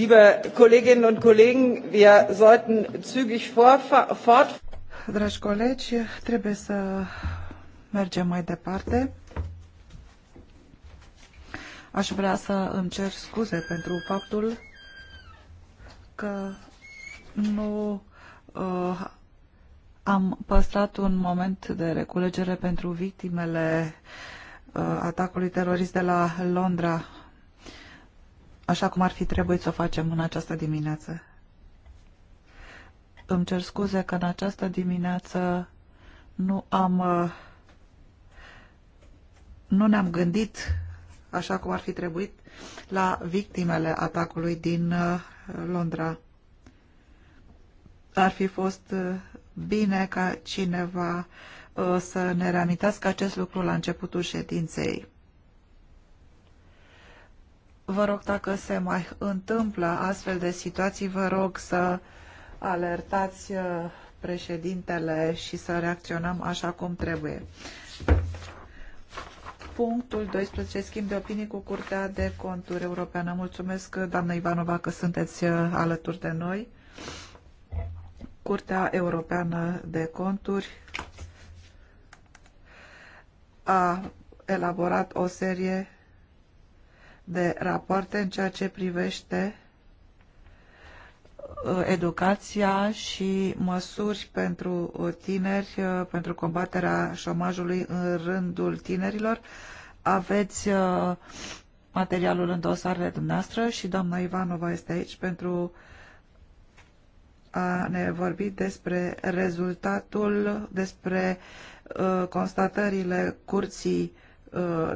Liebe Kolleginnen und Kollegen, wir sollten zügig fort. Dragi colegi, trebuie să mergem mai departe. Aș vrea să îmi cer scuze pentru faptul că nu uh, am păstrat un moment de reculegere pentru victimele uh, atacului terorist de la Londra așa cum ar fi trebuit să o facem în această dimineață. Îmi cer scuze că în această dimineață nu am... Uh, nu ne-am gândit așa cum ar fi trebuit la victimele atacului din uh, Londra. Ar fi fost uh, bine ca cineva să ne reamintească acest lucru la începutul ședinței. Vă rog, dacă se mai întâmplă astfel de situații, vă rog să alertați uh, președintele și să reacționăm așa cum trebuie. Punctul 12. Schimb de opinii cu Curtea de Conturi Europeană. Mulțumesc, doamnă Ivanova, că sunteți uh, alături de noi. Curtea Europeană de Conturi a elaborat o serie de rapoarte în ceea ce privește uh, educația și măsuri pentru uh, tineri, uh, pentru combaterea șomajului în rândul tinerilor. Aveți materialul în dosarele dumneavoastră și doamna Ivanova este aici pentru a ne vorbi despre rezultatul, despre constatările curții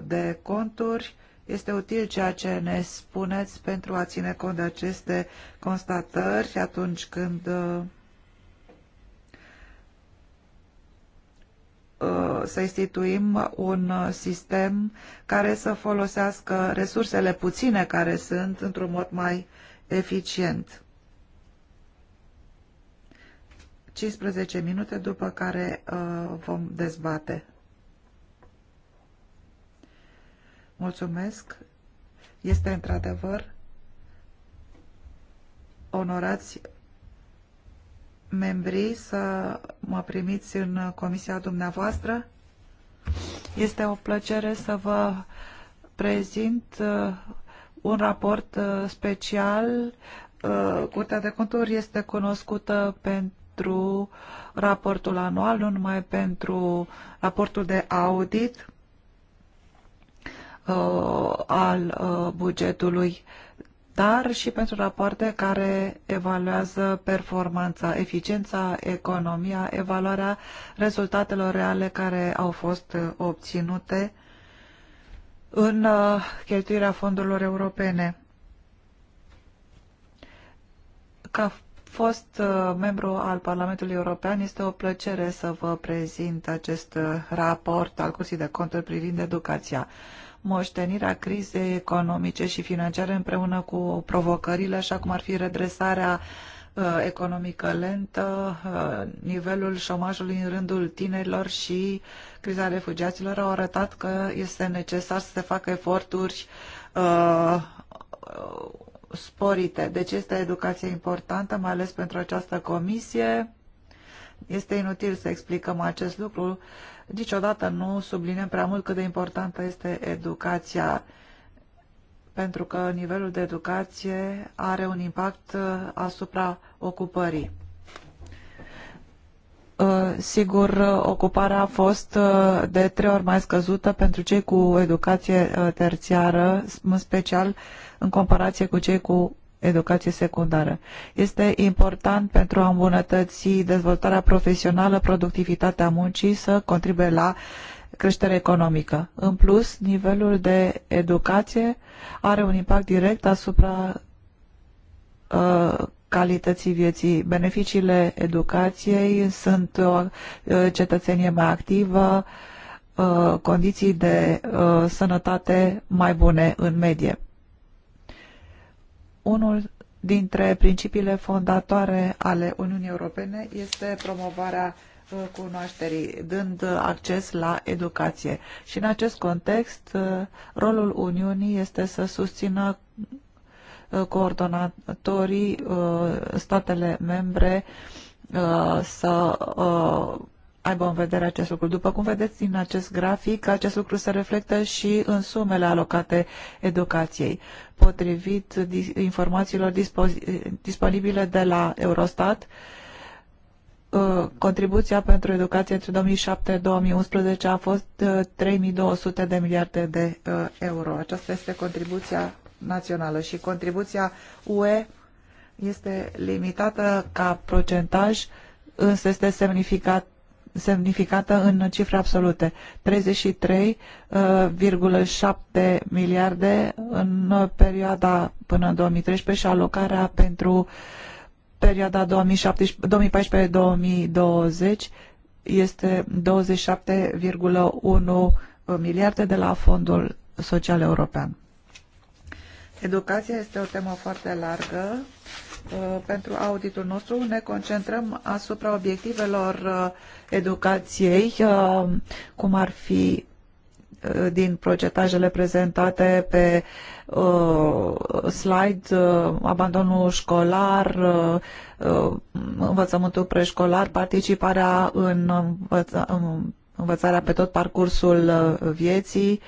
de conturi este util ceea ce ne spuneți pentru a ține cont de aceste constatări atunci când uh, să instituim un sistem care să folosească resursele puține care sunt într-un mod mai eficient. 15 minute după care uh, vom dezbate. Mulțumesc. Este într-adevăr onorați membrii să mă primiți în comisia dumneavoastră. Este o plăcere să vă prezint uh, un raport uh, special. Uh, Curtea de conturi este cunoscută pentru raportul anual, nu numai pentru raportul de audit. Uh, al uh, bugetului, dar și pentru rapoarte care evaluează performanța, eficiența, economia, evaluarea rezultatelor reale care au fost uh, obținute în cheltuirea fondurilor europene. Ca fost membru al Parlamentului European, este o plăcere să vă prezint acest raport al Cursii de Conturi privind educația moștenirea crizei economice și financiare împreună cu provocările, așa cum ar fi redresarea uh, economică lentă, uh, nivelul șomajului în rândul tinerilor și criza refugiaților au arătat că este necesar să se facă eforturi uh, sporite. Deci este educație importantă, mai ales pentru această comisie. Este inutil să explicăm acest lucru niciodată nu subliniem prea mult cât de importantă este educația, pentru că nivelul de educație are un impact uh, asupra ocupării. Uh, sigur, uh, ocuparea a fost de trei ori mai scăzută pentru cei cu educație terțiară, în special în comparație cu cei cu educație secundară. Este important pentru a îmbunătăți dezvoltarea profesională, productivitatea muncii, să contribuie la creștere economică. În plus, nivelul de educație are un impact direct asupra uh, calității vieții. Beneficiile educației sunt o uh, cetățenie mai activă, uh, condiții de uh, sănătate mai bune în medie. Unul dintre principiile fondatoare ale Uniunii Europene este promovarea uh, cunoașterii, dând uh, acces la educație. Și în acest context, uh, rolul Uniunii este să susțină coordonatorii statele membre să aibă în vedere acest lucru. După cum vedeți din acest grafic, acest lucru se reflectă și în sumele alocate educației. Potrivit informațiilor disponibile de la Eurostat, uh, contribuția pentru educație între 2007-2011 a fost 3200 uh, de miliarde de uh, euro. Aceasta este contribuția națională și contribuția UE este limitată ca procentaj, însă este semnificat semnificată în cifre absolute. 33,7 uh, miliarde în perioada până în 2013 și alocarea pentru perioada 2014-2020 este 27,1 miliarde de la Fondul Social European. Educația este o temă foarte largă Uh, pentru auditul nostru ne concentrăm asupra obiectivelor uh, educației, uh, cum ar fi din procetajele prezentate pe uh, slide, uh, abandonul școlar, uh, învățământul preșcolar, participarea în învăța învățarea pe tot parcursul vieții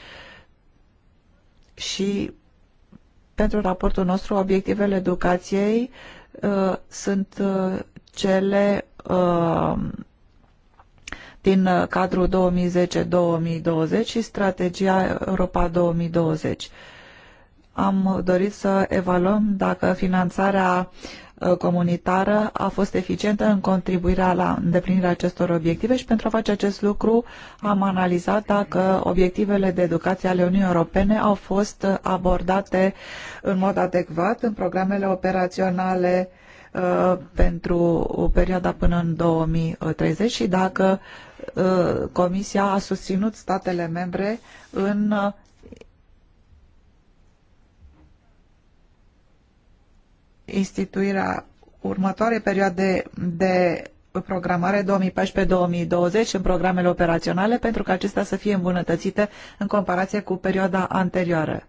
și pentru raportul nostru, obiectivele educației uh, sunt uh, cele uh, din uh, cadrul 2010-2020 și strategia Europa 2020. Am dorit să evaluăm dacă finanțarea uh, Uh, comunitară a fost eficientă în contribuirea la îndeplinirea acestor obiective și pentru a face acest lucru am analizat dacă obiectivele de educație ale Uniunii Europene au fost abordate în mod adecvat în programele operaționale uh, pentru o perioadă până în 2030 și dacă uh, Comisia a susținut statele membre în instituirea următoarei perioade de programare 2014-2020 în programele operaționale pentru că acestea să fie îmbunătățite în comparație cu perioada anterioară.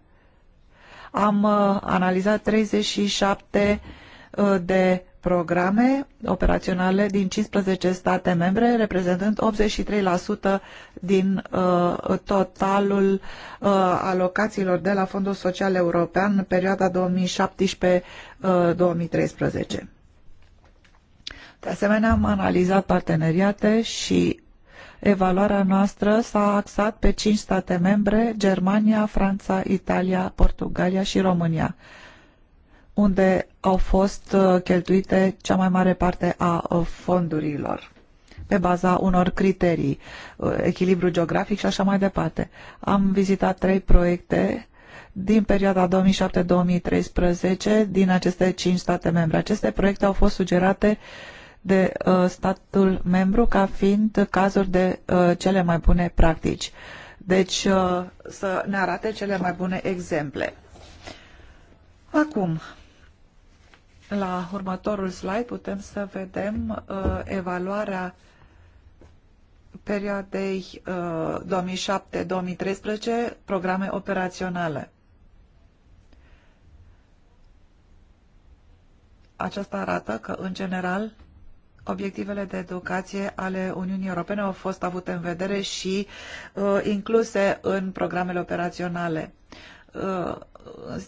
Am uh, analizat 37 uh, de programe operaționale din 15 state membre, reprezentând 83% din uh, totalul uh, alocațiilor de la Fondul Social European în perioada 2017-2013. Uh, de asemenea, am analizat parteneriate și evaluarea noastră s-a axat pe cinci state membre, Germania, Franța, Italia, Portugalia și România unde au fost uh, cheltuite cea mai mare parte a uh, fondurilor pe baza unor criterii, uh, echilibru geografic și așa mai departe. Am vizitat trei proiecte din perioada 2007-2013 din aceste cinci state membre. Aceste proiecte au fost sugerate de uh, statul membru ca fiind cazuri de uh, cele mai bune practici. Deci uh, să ne arate cele mai bune exemple. Acum, la următorul slide putem să vedem uh, evaluarea perioadei uh, 2007-2013, programe operaționale. Aceasta arată că, în general, obiectivele de educație ale Uniunii Europene au fost avute în vedere și uh, incluse în programele operaționale. Uh,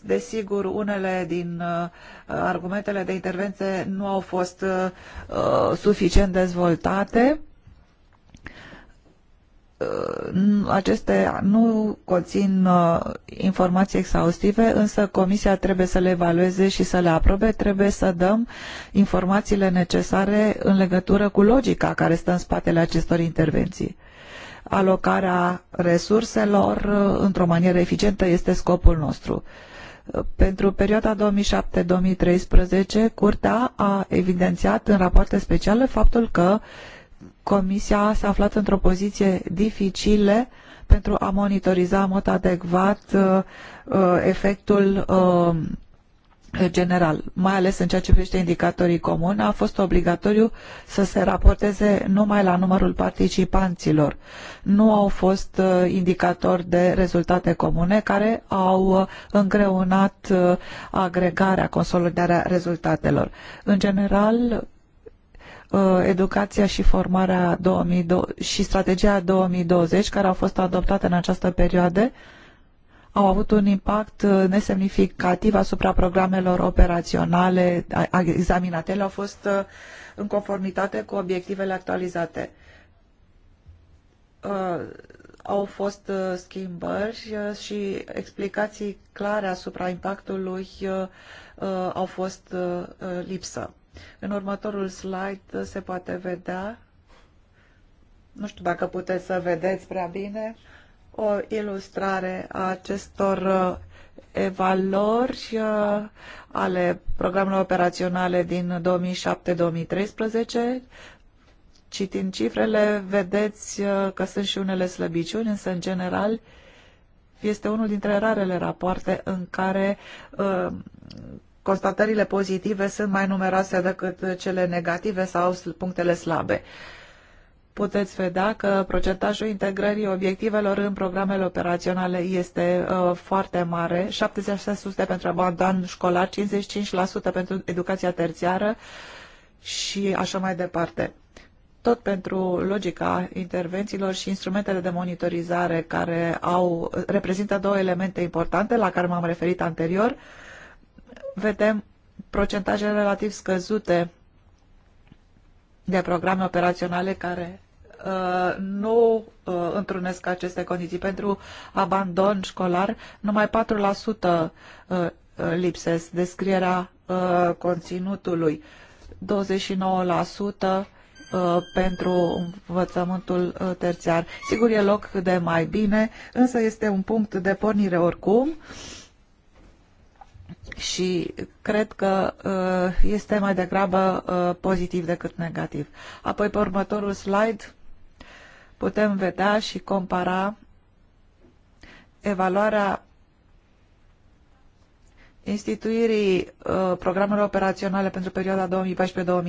Desigur, unele din uh, argumentele de intervenție nu au fost uh, suficient dezvoltate. Uh, Acestea nu conțin informații exhaustive, însă Comisia trebuie să le evalueze și să le aprobe. Trebuie să dăm informațiile necesare în legătură cu logica care stă în spatele acestor intervenții alocarea resurselor uh, într-o manieră eficientă este scopul nostru. Uh, pentru perioada 2007-2013, Curtea a evidențiat în rapoarte speciale faptul că Comisia s-a aflat într-o poziție dificilă pentru a monitoriza în mod adecvat uh, efectul uh, Eh, general, mai ales în ceea ce privește indicatorii comuni, a fost obligatoriu să se raporteze numai la numărul participanților. Nu au fost eh, indicatori de rezultate comune care au eh, îngreunat agregarea, consolidarea rezultatelor. În general, educația și formarea 2020 și strategia 2020 care au fost adoptate în această perioadă au avut un impact uh, nesemnificativ asupra programelor operaționale examinate. Ele au fost uh, în conformitate cu obiectivele actualizate. Uh, au fost schimbări și explicații clare asupra impactului au fost lipsă. În următorul slide se poate vedea, nu știu dacă puteți să vedeți prea bine, o ilustrare a acestor uh, evaluări uh, ale programelor operaționale din 2007-2013. Citind cifrele, vedeți uh, că sunt și unele slăbiciuni, însă, în general, este unul dintre rarele rapoarte în care constatările pozitive sunt mai numeroase decât cele negative sau punctele slabe. Uh, puteți vedea că procentajul integrării obiectivelor în programele operaționale este uh, foarte mare, 76% pentru abandon școlar, 55% pentru educația terțiară și așa mai departe. Tot pentru logica intervențiilor și instrumentele de monitorizare care au, reprezintă două elemente importante la care m-am referit anterior, vedem procentaje relativ scăzute de programe operaționale care uh, nu uh, întrunesc aceste condiții. Pentru abandon școlar, numai 4% uh, lipsesc descrierea conținutului, 29% pentru învățământul terțiar. Sigur, e loc de mai bine, însă este un punct de pornire oricum. Uh, și cred că uh, este mai degrabă uh, pozitiv decât negativ. Apoi, pe următorul slide, putem vedea și compara evaluarea instituirii uh, programelor operaționale pentru perioada 2014-2020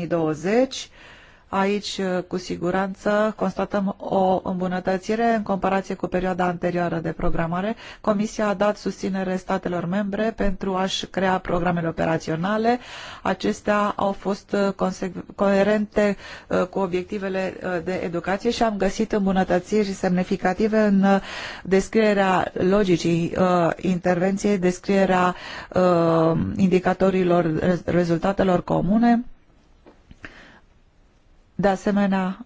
Aici, uh, cu siguranță, constatăm o îmbunătățire în comparație cu perioada anterioară de programare. Comisia a dat susținere statelor membre pentru a-și crea programele operaționale. Acestea au fost uh, coerente uh, cu obiectivele de educație și am găsit îmbunătățiri semnificative în descrierea logicii intervenției, descrierea indicatorilor rezultatelor comune de asemenea,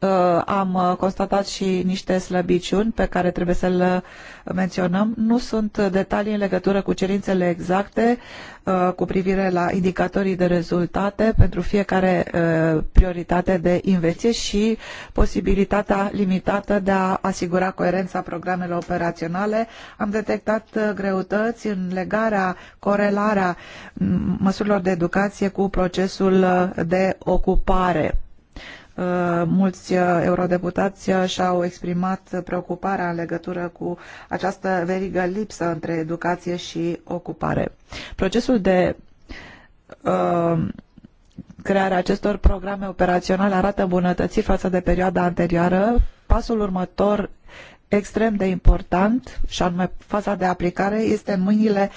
Uh, am uh, constatat și niște slăbiciuni pe care trebuie să le menționăm. Nu sunt detalii în legătură cu cerințele exacte uh, cu privire la indicatorii de rezultate pentru fiecare prioritate de investiție și posibilitatea limitată de a asigura coerența programelor operaționale. Am detectat greutăți în legarea, corelarea măsurilor de educație cu procesul de ocupare Uh, mulți uh, eurodeputați uh, și-au exprimat preocuparea în legătură cu această verigă lipsă între educație și ocupare. Procesul de creare crearea acestor programe operaționale arată îmbunătățiri față de perioada anterioară. Pasul următor extrem de important și anume faza de aplicare este în mâinile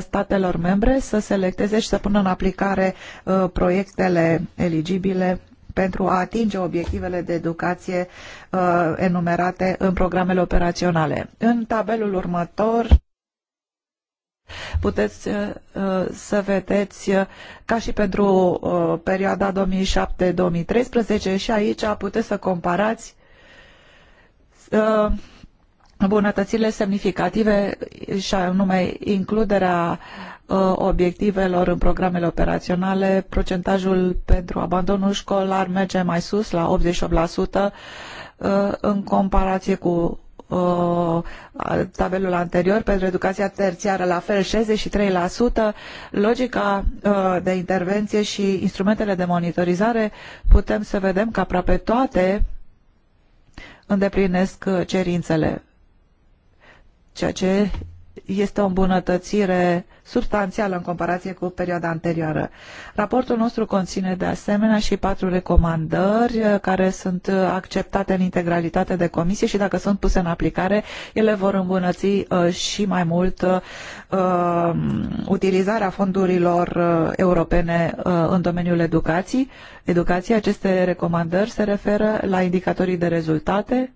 statelor membre să selecteze și să pună în aplicare proiectele eligibile pentru a atinge obiectivele de educație uh, enumerate în programele operaționale. În tabelul următor puteți uh, să vedeți uh, ca și pentru uh, perioada 2007-2013 și aici puteți să comparați uh, Bunătățile semnificative și anume includerea uh, obiectivelor în programele operaționale, procentajul pentru abandonul școlar merge mai sus la 88% uh, în comparație cu uh, tabelul anterior pentru educația terțiară la fel 63%, logica de intervenție și instrumentele de monitorizare putem să vedem că aproape toate îndeplinesc cerințele ceea ce este o îmbunătățire substanțială în comparație cu perioada anterioară. Raportul nostru conține de asemenea și patru recomandări uh, care sunt uh, acceptate în integralitate de comisie și dacă sunt puse în aplicare, ele vor îmbunătăți uh, și mai mult um, utilizarea fondurilor europene în domeniul educației. Educației aceste recomandări se referă la indicatorii de rezultate,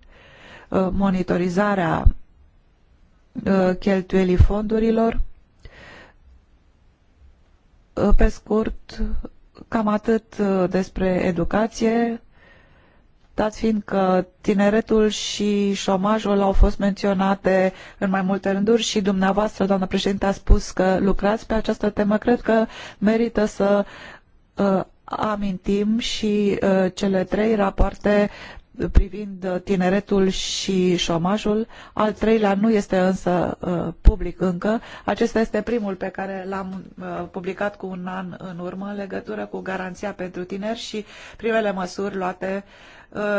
monitorizarea Uh, da. cheltuielii fondurilor. Uh, pe scurt, cam atât uh, despre educație, dat fiind că tineretul și șomajul au fost menționate în mai multe rânduri și dumneavoastră, doamnă președinte, a spus că lucrați pe această temă, cred că merită să uh, amintim și uh, cele trei rapoarte privind uh, tineretul și șomajul. Al treilea nu este însă uh, public încă. Acesta este primul pe care l-am uh, publicat cu un an în urmă în legătură cu garanția pentru tineri și primele măsuri luate,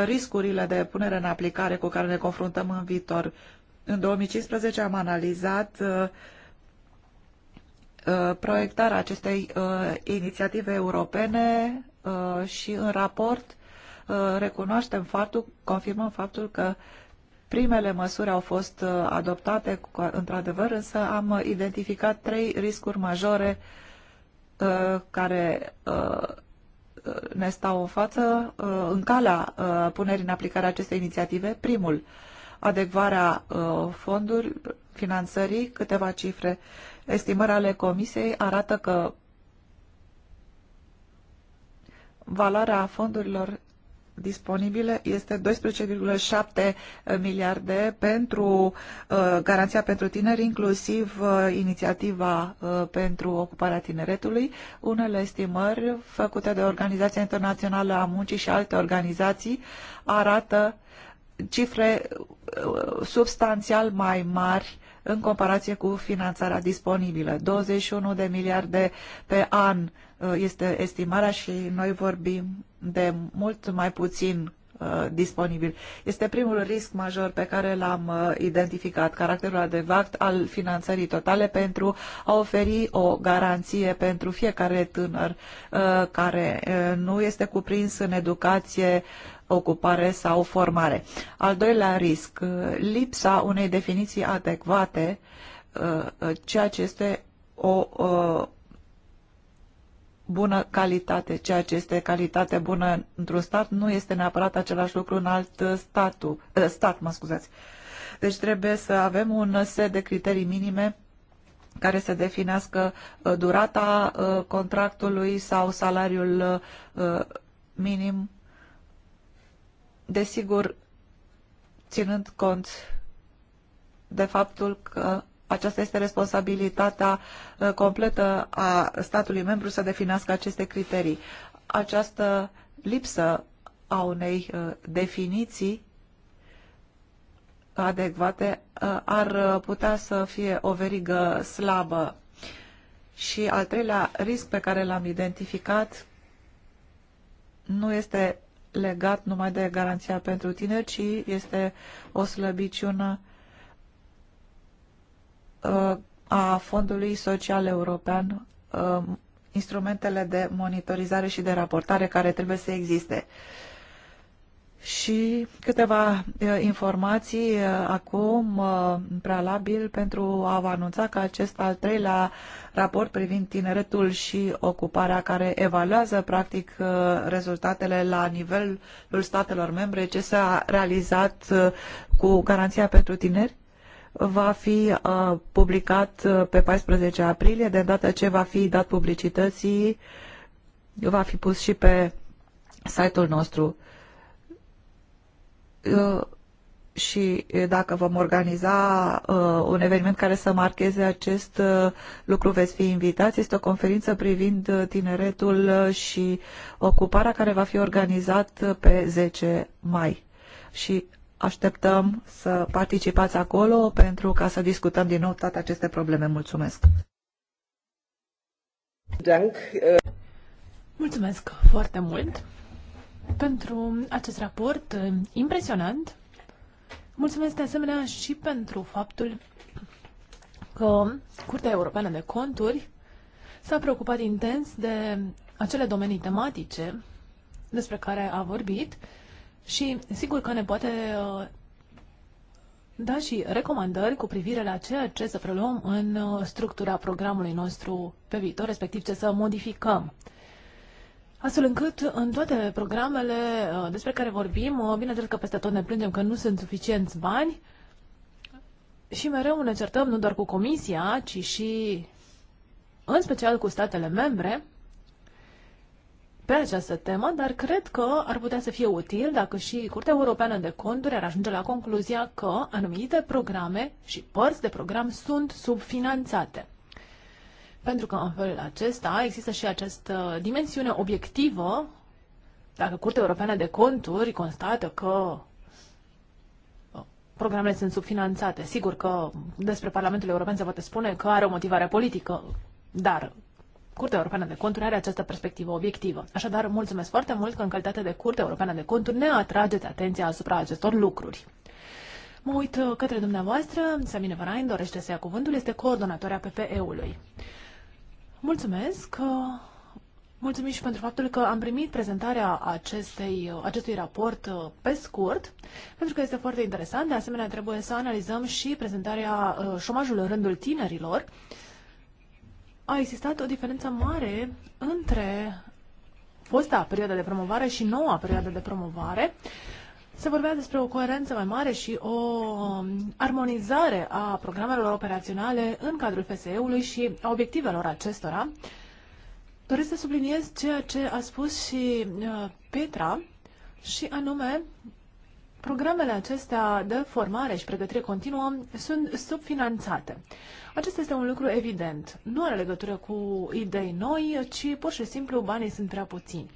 riscurile de punere în aplicare cu care ne confruntăm în viitor. În 2015 am analizat proiectarea acestei inițiative europene și în raport Uh, recunoaștem faptul, confirmăm faptul că primele măsuri au fost uh, adoptate într-adevăr, însă am identificat trei riscuri majore uh, care ne stau în față în calea punerii în aplicare acestei inițiative. Primul, adecvarea fonduri, finanțării, câteva cifre. Estimări ale Comisiei arată că valoarea fondurilor disponibile este 12,7 miliarde pentru uh, garanția pentru tineri, inclusiv uh, inițiativa uh, pentru ocuparea tineretului. Unele estimări făcute de Organizația Internațională a Muncii și alte organizații arată cifre substanțial mai mari în comparație cu finanțarea disponibilă. 21 de miliarde pe an uh, este estimarea și noi vorbim de mult mai puțin uh, disponibil. Este primul risc major pe care l-am uh, identificat, caracterul adevărat al finanțării totale pentru a oferi o garanție pentru fiecare tânăr care nu este cuprins în educație ocupare sau formare. Al doilea risc, lipsa unei definiții adecvate, uh, uh, ceea ce este o uh, bună calitate, ceea ce este calitate bună într-un stat nu este neapărat același lucru în alt statul, stat. Mă scuzați. Deci trebuie să avem un set de criterii minime care să definească durata contractului sau salariul minim desigur, ținând cont de faptul că aceasta este responsabilitatea uh, completă a statului membru să definească aceste criterii. Această lipsă a unei uh, definiții adecvate uh, ar putea să fie o verigă slabă. Și al treilea risc pe care l-am identificat nu este legat numai de garanția pentru tineri, ci este o slăbiciună uh, a Fondului Social European, uh, instrumentele de monitorizare și de raportare care trebuie să existe. Și câteva informații acum în prealabil pentru a vă anunța că acest al treilea raport privind tineretul și ocuparea care evaluează practic rezultatele la nivelul statelor membre ce s-a realizat cu garanția pentru tineri va fi publicat pe 14 aprilie, de data ce va fi dat publicității, va fi pus și pe site-ul nostru. Uh, și dacă vom organiza uh, un eveniment care să marcheze acest uh, lucru, veți fi invitați. Este o conferință privind uh, tineretul uh, și ocuparea care va fi organizat pe 10 mai. Și așteptăm să participați acolo pentru ca să discutăm din nou toate aceste probleme. Mulțumesc! Mulțumesc foarte mult! pentru acest raport eh, impresionant. Mulțumesc de asemenea și pentru faptul că Curtea Europeană de Conturi s-a preocupat intens de acele domenii tematice despre care a vorbit și sigur că ne poate eh, da și recomandări cu privire la ceea ce să preluăm în eh, structura programului nostru pe viitor, respectiv ce să modificăm astfel încât în toate programele uh, despre care vorbim, uh, bineînțeles că peste tot ne plângem că nu sunt suficienți bani și mereu ne certăm nu doar cu Comisia, ci și în special cu statele membre pe această temă, dar cred că ar putea să fie util dacă și Curtea Europeană de Conturi ar ajunge la concluzia că anumite programe și părți de program sunt subfinanțate. Pentru că în felul acesta există și această dimensiune obiectivă. Dacă Curtea Europeană de Conturi constată că uh, programele sunt subfinanțate, sigur că despre Parlamentul European se poate spune că are o motivare politică, dar Curtea Europeană de Conturi are această perspectivă obiectivă. Așadar, mulțumesc foarte mult că în calitate de Curtea Europeană de Conturi ne atrageți atenția asupra acestor lucruri. Mă uit uh, către dumneavoastră, Samine Varain dorește să ia cuvântul, este coordonatoarea PPE-ului. Mulțumesc! Uh, mulțumim și pentru faptul că am primit prezentarea acestei, uh, acestui raport uh, pe scurt, pentru că este foarte interesant. De asemenea, trebuie să analizăm și prezentarea șomajului în rândul tinerilor. A existat o diferență mare între fosta perioadă de promovare și noua perioadă de promovare. Uh, se vorbea despre o coerență mai mare și o um, armonizare a programelor operaționale în cadrul FSE-ului și a obiectivelor acestora. Doresc să subliniez ceea ce a spus și uh, Petra, și anume Programele acestea de formare și pregătire continuă sunt subfinanțate. Acesta este un lucru evident. Nu are legătură cu idei noi, ci pur și simplu banii sunt prea puțini.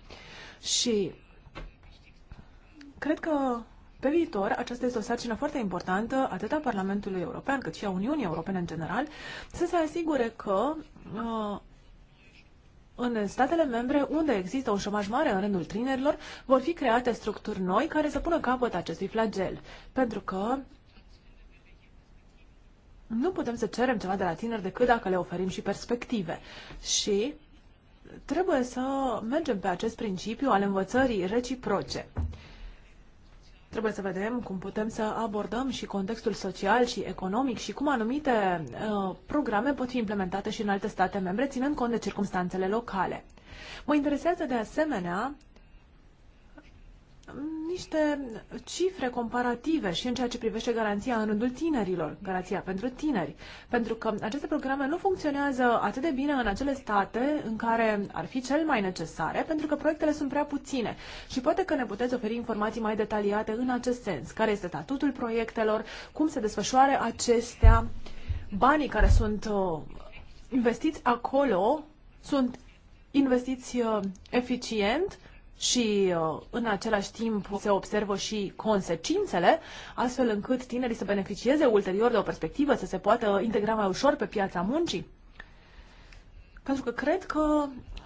Și Cred că pe viitor, aceasta este o sarcină foarte importantă, atât a Parlamentului European, cât și a Uniunii Europene în general, să se asigure că uh, în statele membre unde există un șomaj mare în rândul tinerilor, vor fi create structuri noi care să pună capăt acestui flagel. Pentru că nu putem să cerem ceva de la tineri decât dacă le oferim și perspective. Și trebuie să mergem pe acest principiu al învățării reciproce. Trebuie să vedem cum putem să abordăm și contextul social și economic și cum anumite uh, programe pot fi implementate și în alte state membre, ținând cont de circumstanțele locale. Mă interesează de asemenea niște cifre comparative și în ceea ce privește garanția în rândul tinerilor, garanția pentru tineri, pentru că aceste programe nu funcționează atât de bine în acele state în care ar fi cel mai necesare, pentru că proiectele sunt prea puține și poate că ne puteți oferi informații mai detaliate în acest sens, care este statutul proiectelor, cum se desfășoare acestea, banii care sunt uh, investiți acolo sunt investiți uh, eficient și uh, în același timp se observă și consecințele, astfel încât tinerii să beneficieze ulterior de o perspectivă, să se poată integra mai ușor pe piața muncii. Pentru că cred că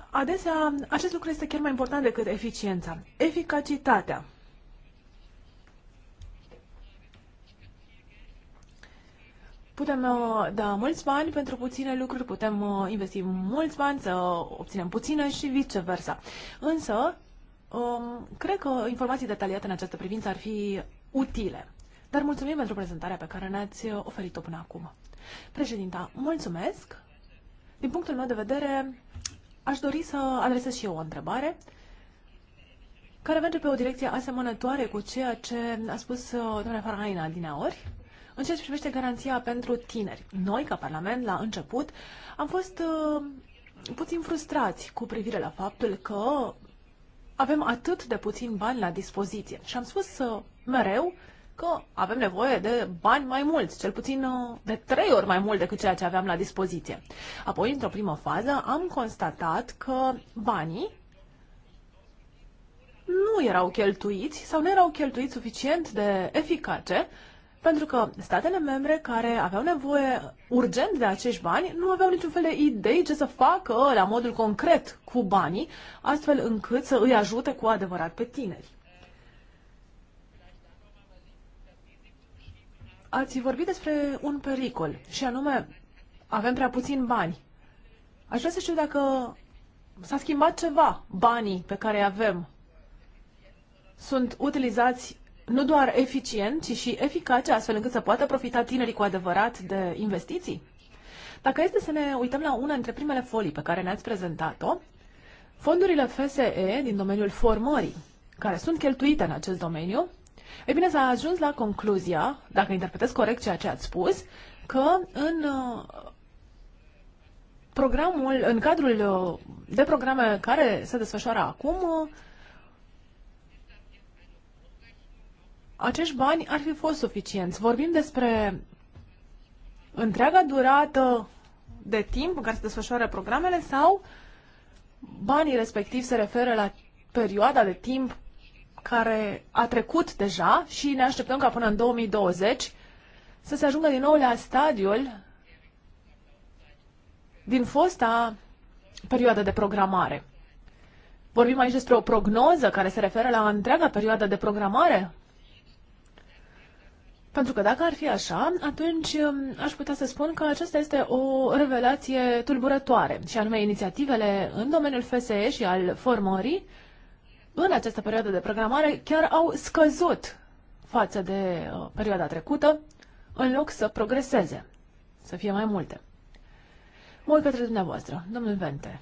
adesea acest lucru este chiar mai important decât eficiența. Eficacitatea. Putem uh, da mulți bani pentru puține lucruri, putem uh, investi mulți bani să obținem puține și viceversa. Însă, Um, cred că informații detaliate în această privință ar fi utile. Dar mulțumim pentru prezentarea pe care ne-ați oferit-o până acum. Președinta, mulțumesc. Din punctul meu de vedere, aș dori să adresez și eu o întrebare care merge pe o direcție asemănătoare cu ceea ce a spus uh, doamna Faraina din aori. În ceea ce privește garanția pentru tineri, noi, ca Parlament, la început, am fost uh, puțin frustrați cu privire la faptul că avem atât de puțin bani la dispoziție. Și am spus uh, mereu că avem nevoie de bani mai mulți, cel puțin uh, de trei ori mai mult decât ceea ce aveam la dispoziție. Apoi, într-o primă fază, am constatat că banii nu erau cheltuiți sau nu erau cheltuiți suficient de eficace pentru că statele membre care aveau nevoie urgent de acești bani nu aveau niciun fel de idei ce să facă la modul concret cu banii, astfel încât să îi ajute cu adevărat pe tineri. Ați vorbit despre un pericol și anume avem prea puțin bani. Aș vrea să știu dacă s-a schimbat ceva banii pe care îi avem sunt utilizați nu doar eficient, ci și eficace, astfel încât să poată profita tinerii cu adevărat de investiții? Dacă este să ne uităm la una dintre primele folii pe care ne-ați prezentat-o, fondurile FSE din domeniul formării, care sunt cheltuite în acest domeniu, e bine, s-a ajuns la concluzia, dacă interpretez corect ceea ce ați spus, că în programul, în cadrul de programe care se desfășoară acum, acești bani ar fi fost suficienți. Vorbim despre întreaga durată de timp în care se desfășoară programele sau banii respectivi se referă la perioada de timp care a trecut deja și ne așteptăm ca până în 2020 să se ajungă din nou la stadiul din fosta perioadă de programare. Vorbim aici despre o prognoză care se referă la întreaga perioadă de programare pentru că dacă ar fi așa, atunci um, aș putea să spun că aceasta este o revelație tulburătoare, și anume inițiativele în domeniul FSE și al formării în această perioadă de programare chiar au scăzut față de uh, perioada trecută, în loc să progreseze, să fie mai multe. Mă uit către dumneavoastră, domnul Vente.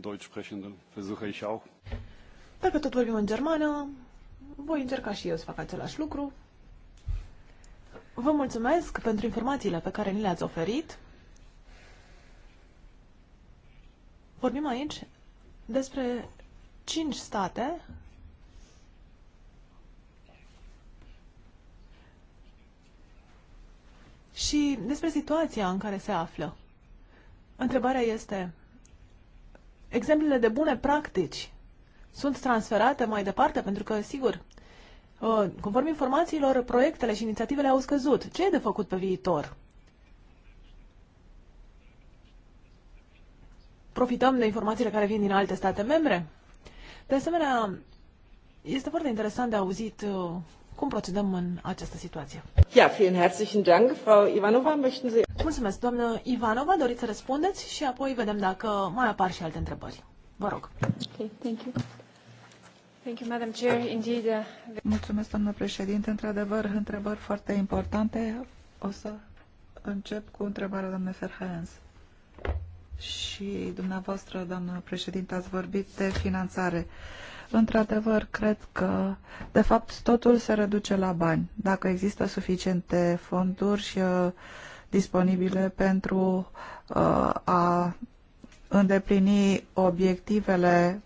Deutsch versuche ich auch. Dacă tot vorbim în germană, voi încerca și eu să fac același lucru. Vă mulțumesc pentru informațiile pe care ni le-ați oferit. Vorbim aici despre cinci state și despre situația în care se află. Întrebarea este, exemplele de bune practici sunt transferate mai departe, pentru că, sigur, Uh, conform informațiilor, proiectele și inițiativele au scăzut. Ce e de făcut pe viitor? Profităm de informațiile care vin din alte state membre? De asemenea, este foarte interesant de auzit uh, cum procedăm în această situație. Ja, vielen herzlichen Dank, Frau Ivanova. Möchten Sie... Mulțumesc, doamnă Ivanova. Doriți să răspundeți și apoi vedem dacă mai apar și alte întrebări. Vă rog. Okay, thank you. Uh, președinte. Într-adevăr, întrebări foarte importante. O să încep cu întrebarea doamnei Ferhaens. Și dumneavoastră, doamnă președinte, ați vorbit de finanțare. Într-adevăr, cred că, de fapt, totul se reduce la bani. Dacă există suficiente fonduri și, uh, disponibile pentru uh, a îndeplini obiectivele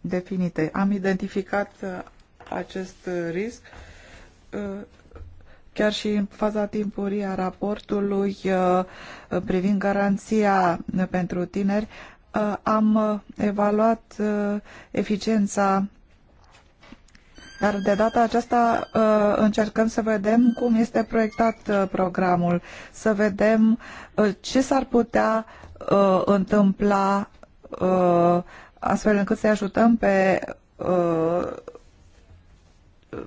definite. Am identificat uh, acest risc uh, chiar și în faza timpurie a raportului uh, privind garanția pentru tineri, am evaluat eficiența dar de data aceasta încercăm să vedem cum este proiectat programul, să vedem ce s-ar putea întâmpla astfel încât să ajutăm pe uh,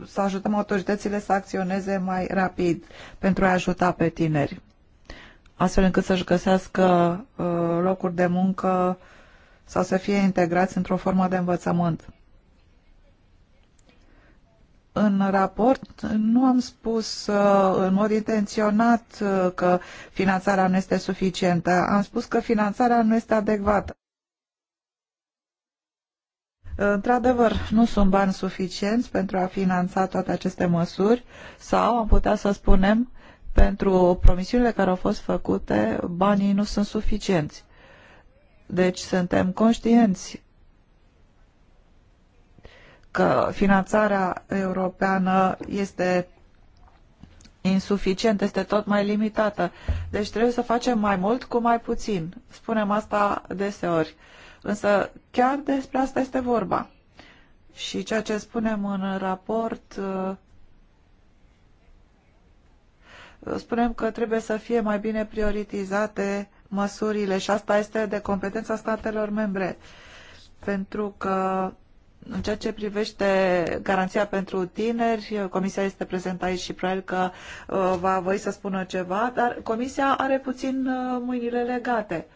să ajutăm autoritățile să acționeze mai rapid pentru a ajuta pe tineri, astfel încât să-și găsească uh, locuri de muncă sau să fie integrați într-o formă de învățământ. În raport nu am spus uh, în mod intenționat că finanțarea nu este suficientă, am spus că finanțarea nu este adecvată. Într-adevăr, nu sunt bani suficienți pentru a finanța toate aceste măsuri sau, am putea să spunem, pentru promisiunile care au fost făcute, banii nu sunt suficienți. Deci suntem conștienți că finanțarea europeană este insuficient, este tot mai limitată. Deci trebuie să facem mai mult cu mai puțin. Spunem asta deseori. Uh, Însă chiar despre asta este vorba. Și ceea ce spunem în raport, uh, spunem că trebuie să fie mai bine prioritizate măsurile și asta este de competența statelor membre. Pentru că în ceea ce privește garanția pentru tineri, Comisia este prezentă aici și probabil că uh, va voi să spună ceva, dar Comisia are puțin uh, mâinile legate. Uh,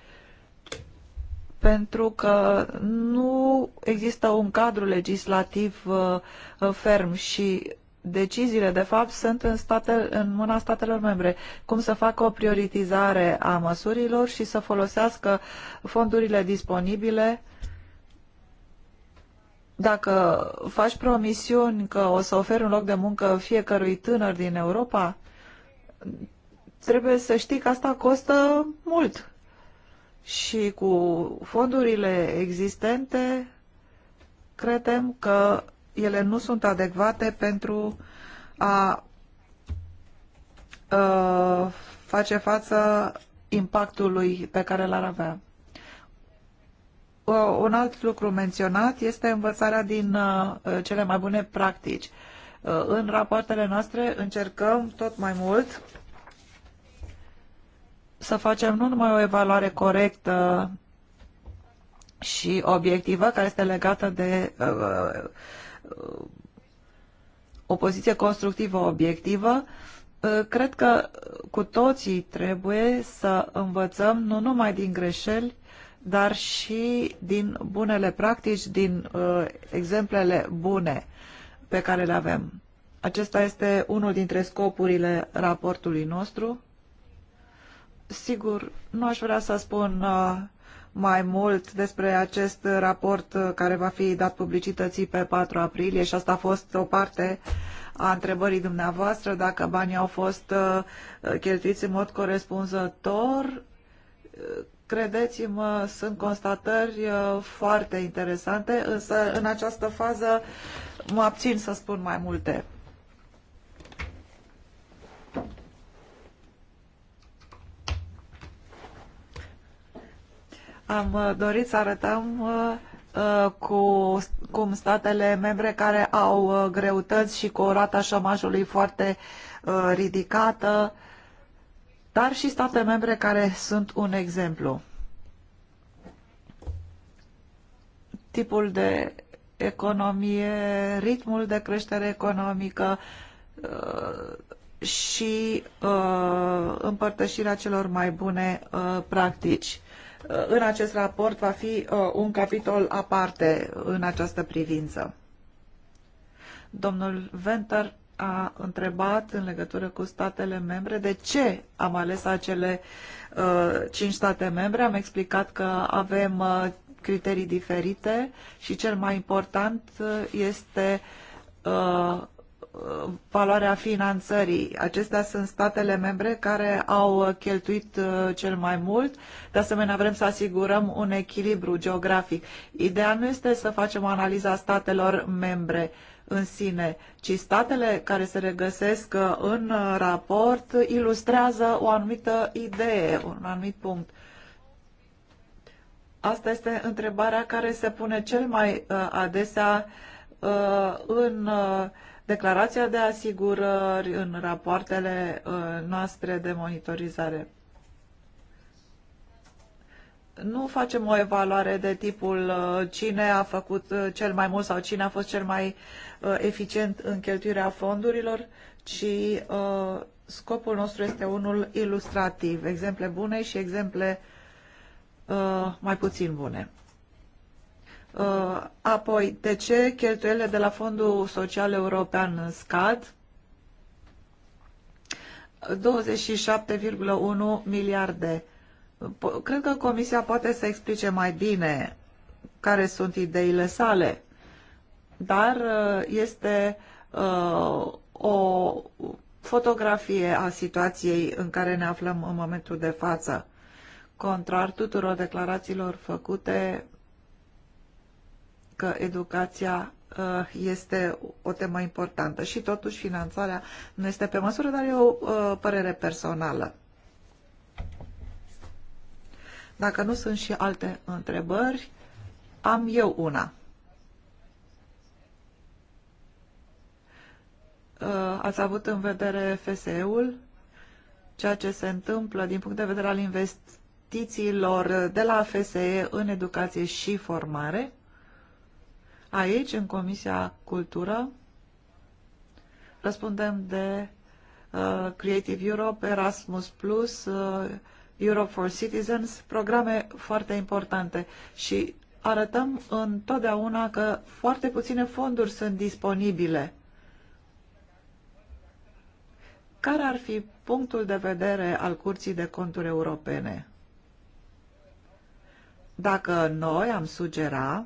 pentru că nu există un cadru legislativ uh, uh, ferm și deciziile, de fapt, sunt în, state, în mâna statelor membre. Cum să facă o prioritizare a măsurilor și să folosească fondurile disponibile dacă faci promisiuni că o să oferi un loc de muncă fiecărui tânăr din Europa, trebuie să știi că asta costă mult și cu fondurile existente credem că ele nu sunt adecvate pentru a, a face față impactului pe care l-ar avea. un alt lucru menționat este învățarea din cele mai bune practici. în rapoartele noastre încercăm tot mai mult să facem nu numai o evaluare corectă și obiectivă, care este legată de uh, uh, o poziție constructivă obiectivă, uh, cred că cu toții trebuie să învățăm nu numai din greșeli, dar și din bunele practici, din uh, exemplele bune pe care le avem. Acesta este unul dintre scopurile raportului nostru Sigur, nu aș vrea să spun uh, mai mult despre acest raport uh, care va fi dat publicității pe 4 aprilie și asta a fost o parte a întrebării dumneavoastră dacă banii au fost uh, cheltuiți în mod corespunzător. Credeți-mă, sunt constatări foarte interesante, însă în această fază mă abțin să spun mai multe. Am uh, dorit să arătăm uh, uh, cu, cum statele membre care au greutăți și cu o rata șomajului foarte ridicată, dar și state membre care sunt un exemplu. Tipul de economie, ritmul de creștere economică și împărtășirea celor mai bune practici. Uh, în acest raport va fi uh, un capitol aparte în această privință. Domnul Venter a întrebat în legătură cu statele membre de ce am ales acele uh, cinci state membre. Am explicat că avem criterii diferite și cel mai important este valoarea finanțării. Acestea sunt statele membre care au cheltuit uh, cel mai mult. De asemenea, vrem să asigurăm un echilibru geografic. Ideea nu este să facem analiza statelor membre în sine, ci statele care se regăsesc uh, în raport ilustrează o anumită idee, un anumit punct. Asta este întrebarea care se pune cel mai uh, adesea în declarația de asigurări, în rapoartele uh, noastre de monitorizare. Nu facem o evaluare de tipul uh, cine a făcut uh, cel mai mult sau cine a fost cel mai eficient în cheltuirea fondurilor, ci scopul nostru este unul ilustrativ, exemple bune și exemple mai puțin bune. Uh, apoi, de ce cheltuielile de la Fondul Social European scad? 27,1 miliarde. Cred că Comisia poate să explice mai bine care sunt ideile sale, dar uh, este uh, o fotografie a situației în care ne aflăm în momentul de față. Contrar tuturor declarațiilor făcute, că educația uh, este o temă importantă și totuși finanțarea nu este pe măsură, dar e o uh, părere personală. Dacă nu sunt și alte întrebări, am eu una. Uh, ați avut în vedere FSE-ul, ceea ce se întâmplă din punct de vedere al investițiilor de la FSE în educație și formare? Aici, în Comisia Cultură, răspundem de uh, Creative Europe, Erasmus+, Plus, uh, Europe for Citizens, programe foarte importante și arătăm întotdeauna că foarte puține fonduri sunt disponibile. Care ar fi punctul de vedere al Curții de Conturi Europene? Dacă noi am sugera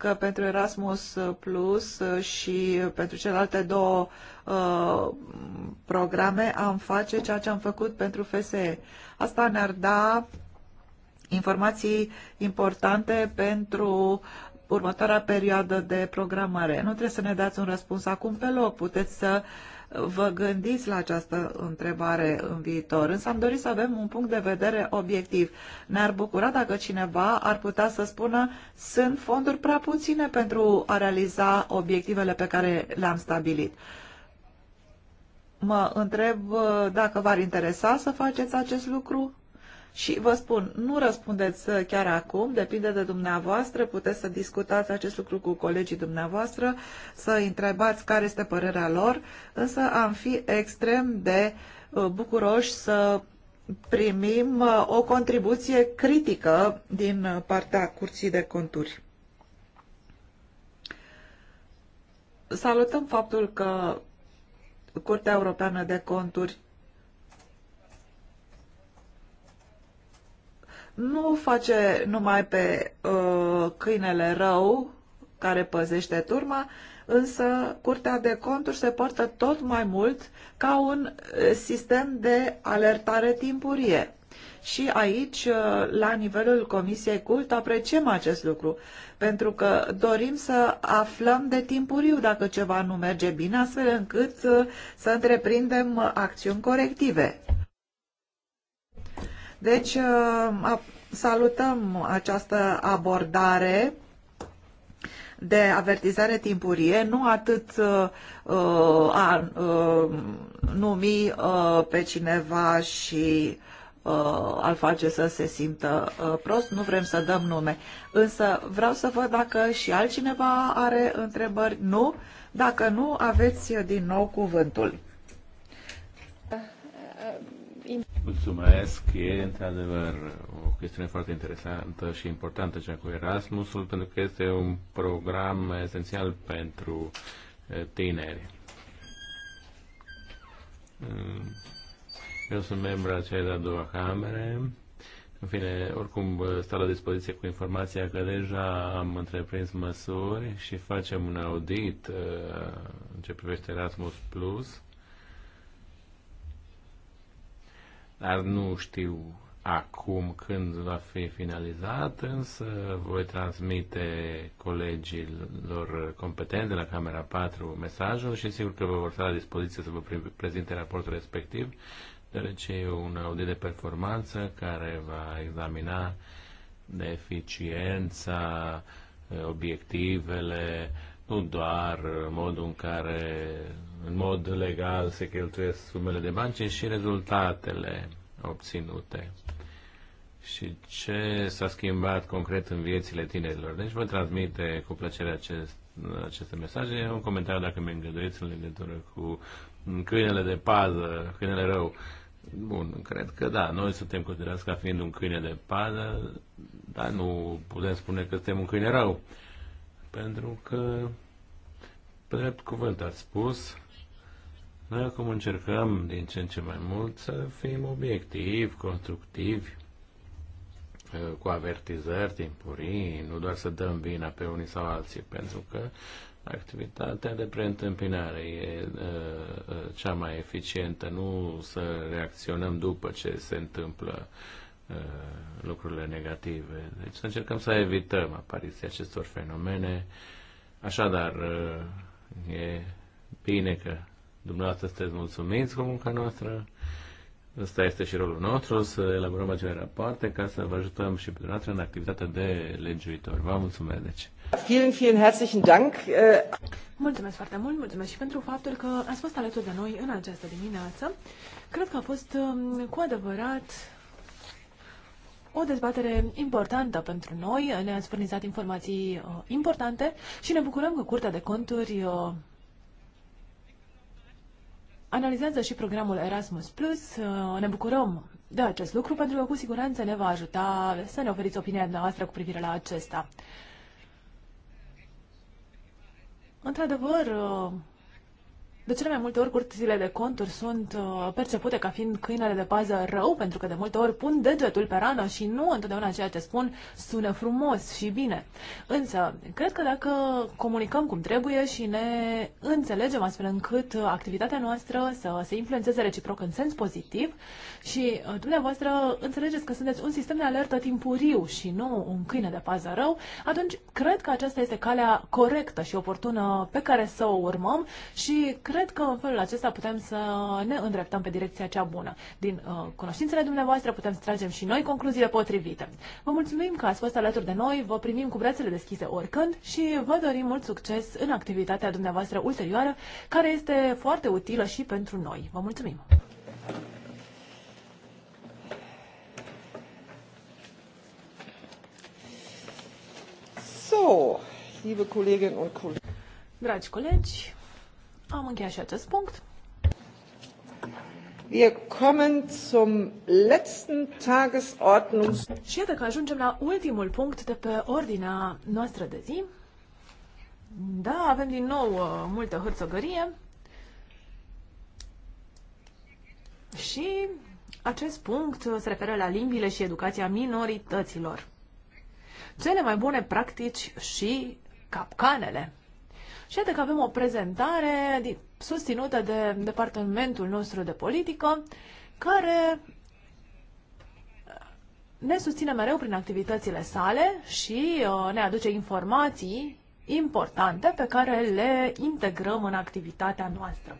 că pentru Erasmus Plus uh, și pentru celelalte două uh, programe am face ceea ce am făcut pentru FSE. Asta ne-ar da informații importante pentru următoarea perioadă de programare. Nu trebuie să ne dați un răspuns acum pe loc. Puteți să uh, vă gândiți la această întrebare în viitor, însă am dorit să avem un punct de vedere obiectiv. Ne-ar bucura dacă cineva ar putea să spună sunt fonduri prea puține pentru a realiza obiectivele pe care le-am stabilit. Mă întreb uh, dacă v-ar interesa să faceți acest lucru și vă spun, nu răspundeți uh, chiar acum, depinde de dumneavoastră, puteți să discutați acest lucru cu colegii dumneavoastră, să întrebați care este părerea lor, însă am fi extrem de uh, bucuroși să primim uh, o contribuție critică din partea Curții de Conturi. Salutăm faptul că Curtea Europeană de Conturi nu face numai pe uh, câinele rău care păzește turma, însă Curtea de Conturi se poartă tot mai mult ca un uh, sistem de alertare timpurie. Și aici, uh, la nivelul Comisiei Cult, apreciem acest lucru, pentru că dorim să aflăm de timpuriu dacă ceva nu merge bine, astfel încât uh, să întreprindem acțiuni corective. Deci uh, salutăm această abordare de avertizare timpurie, nu atât uh, uh, a uh, numi uh, pe cineva și uh, al face să se simtă uh, prost, nu vrem să dăm nume. Însă vreau să văd dacă și altcineva are întrebări. Nu? Dacă nu, aveți din nou cuvântul. Mulțumesc, e într-adevăr o chestiune foarte interesantă și importantă cea cu Erasmusul, pentru că este un program esențial pentru tineri. Eu sunt membru al celei de-a doua camere. În fine, oricum stau la dispoziție cu informația că deja am întreprins măsuri și facem un audit în ce privește Erasmus Plus dar nu știu acum când va fi finalizat, însă voi transmite colegilor competente la Camera 4 mesajul și sigur că vă vor sta la dispoziție să vă prezinte raportul respectiv, deoarece e un audit de performanță care va examina eficiența, obiectivele, nu doar modul în care în mod legal se cheltuiesc sumele de bani, ci și rezultatele obținute și ce s-a schimbat concret în viețile tinerilor. Deci vă transmite cu plăcere acest, aceste mesaje. Un comentariu, dacă mi îngăduiți, în legătură cu câinele de pază, câinele rău. Bun, cred că da, noi suntem considerați ca fiind un câine de pază, dar nu putem spune că suntem un câine rău. Pentru că, pe drept cuvânt ați spus, noi acum încercăm din ce în ce mai mult să fim obiectivi, constructivi, uh, cu avertizări timpurii, nu doar să dăm vina pe unii sau alții, pentru că activitatea de preîntâmpinare e uh, uh, cea mai eficientă, nu să reacționăm după ce se întâmplă lucrurile negative. Deci să încercăm să evităm apariția acestor fenomene. Așadar, e bine că dumneavoastră sunteți mulțumiți cu munca noastră. Ăsta este și rolul nostru, să elaborăm acele rapoarte ca să vă ajutăm și pe dumneavoastră în activitatea de legiuitor. Vă mulțumesc, deci. Vielen, vielen herzlichen Dank. Äh, mulțumesc foarte mult, mulțumesc și pentru faptul că ați fost alături de noi în această dimineață. Cred că a fost um, cu adevărat o dezbatere importantă pentru noi. Ne-ați furnizat informații uh, importante și ne bucurăm că Curtea de Conturi uh, analizează și programul Erasmus+. Plus. Uh, ne bucurăm de acest lucru pentru că cu siguranță ne va ajuta să ne oferiți opinia noastră cu privire la acesta. Într-adevăr, uh, de cele mai multe ori, curțile de conturi sunt uh, percepute ca fiind câinele de pază rău, pentru că de multe ori pun degetul pe rană și nu întotdeauna ceea ce spun sună frumos și bine. Însă, cred că dacă comunicăm cum trebuie și ne înțelegem astfel încât activitatea noastră să se influențeze reciproc în sens pozitiv și uh, dumneavoastră înțelegeți că sunteți un sistem de alertă timpuriu și nu un câine de pază rău, atunci cred că aceasta este calea corectă și oportună pe care să o urmăm și cred cred că în felul acesta putem să ne îndreptăm pe direcția cea bună. Din uh, cunoștințele dumneavoastră putem să tragem și noi concluziile potrivite. Vă mulțumim că ați fost alături de noi, vă primim cu brațele deschise oricând și vă dorim mult succes în activitatea dumneavoastră ulterioară, care este foarte utilă și pentru noi. Vă mulțumim! So, liebe Kolleginnen und Kollegen. Dragi colegi, am încheiat și acest punct. Wir kommen zum letzten Tagesordnungs. Și iată că ajungem la ultimul punct de pe ordinea noastră de zi. Da, avem din nou uh, multă hârțogărie. Și acest punct uh, se referă la limbile și educația minorităților. Cele mai bune practici și capcanele. Și iată că avem o prezentare susținută de departamentul nostru de politică, care ne susține mereu prin activitățile sale și uh, ne aduce informații importante pe care le integrăm în activitatea noastră.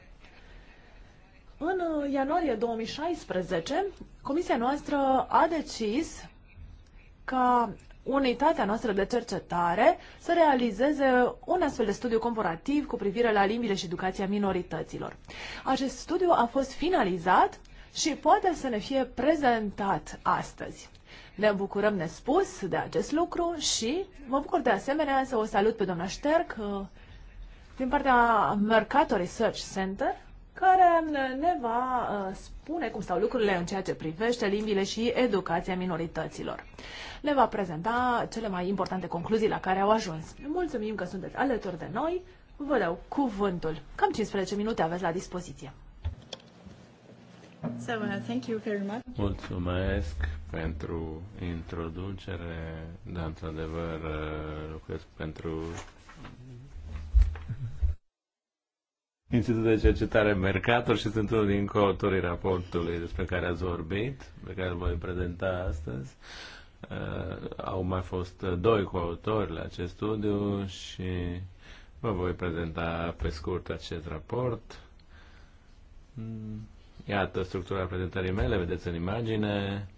În uh, ianuarie 2016, comisia noastră a decis ca unitatea noastră de cercetare să realizeze un astfel de studiu comparativ cu privire la limbile și educația minorităților. Acest studiu a fost finalizat și poate să ne fie prezentat astăzi. Ne bucurăm nespus de acest lucru și mă bucur de asemenea să o salut pe doamna Șterc uh, din partea Mercator Research Center, care ne va uh, spune cum stau lucrurile în ceea ce privește limbile și educația minorităților. Le va prezenta cele mai importante concluzii la care au ajuns. Mulțumim că sunteți alături de noi. Vă dau cuvântul. Cam 15 minute aveți la dispoziție. So, uh, thank you very much. Mulțumesc pentru introducere, Da, într-adevăr uh, lucrez pentru Institutul de Cercetare Mercator și sunt unul din coautorii raportului despre care ați vorbit, pe care îl voi prezenta astăzi. Uh, au mai fost uh, doi coautori la acest studiu și vă voi prezenta pe scurt acest raport. Mm, iată structura prezentării mele, vedeți în imagine.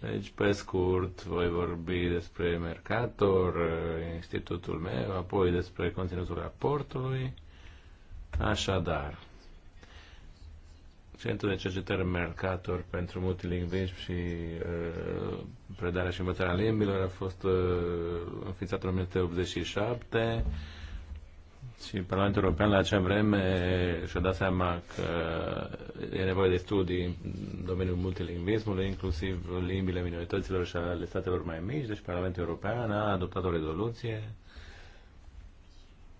Deci, pe scurt, voi vorbi despre Mercator, uh, institutul meu, apoi despre conținutul raportului Așadar, Centrul de Cercetări Mercator pentru Multilingvism și uh, Predarea și Învățarea Limbilor a fost uh, înființat în 1987 și Parlamentul European la acea vreme și-a dat seama că uh, e nevoie de studii în domeniul multilingvismului, inclusiv limbile minorităților și ale statelor mai mici, deci Parlamentul European a adoptat o rezoluție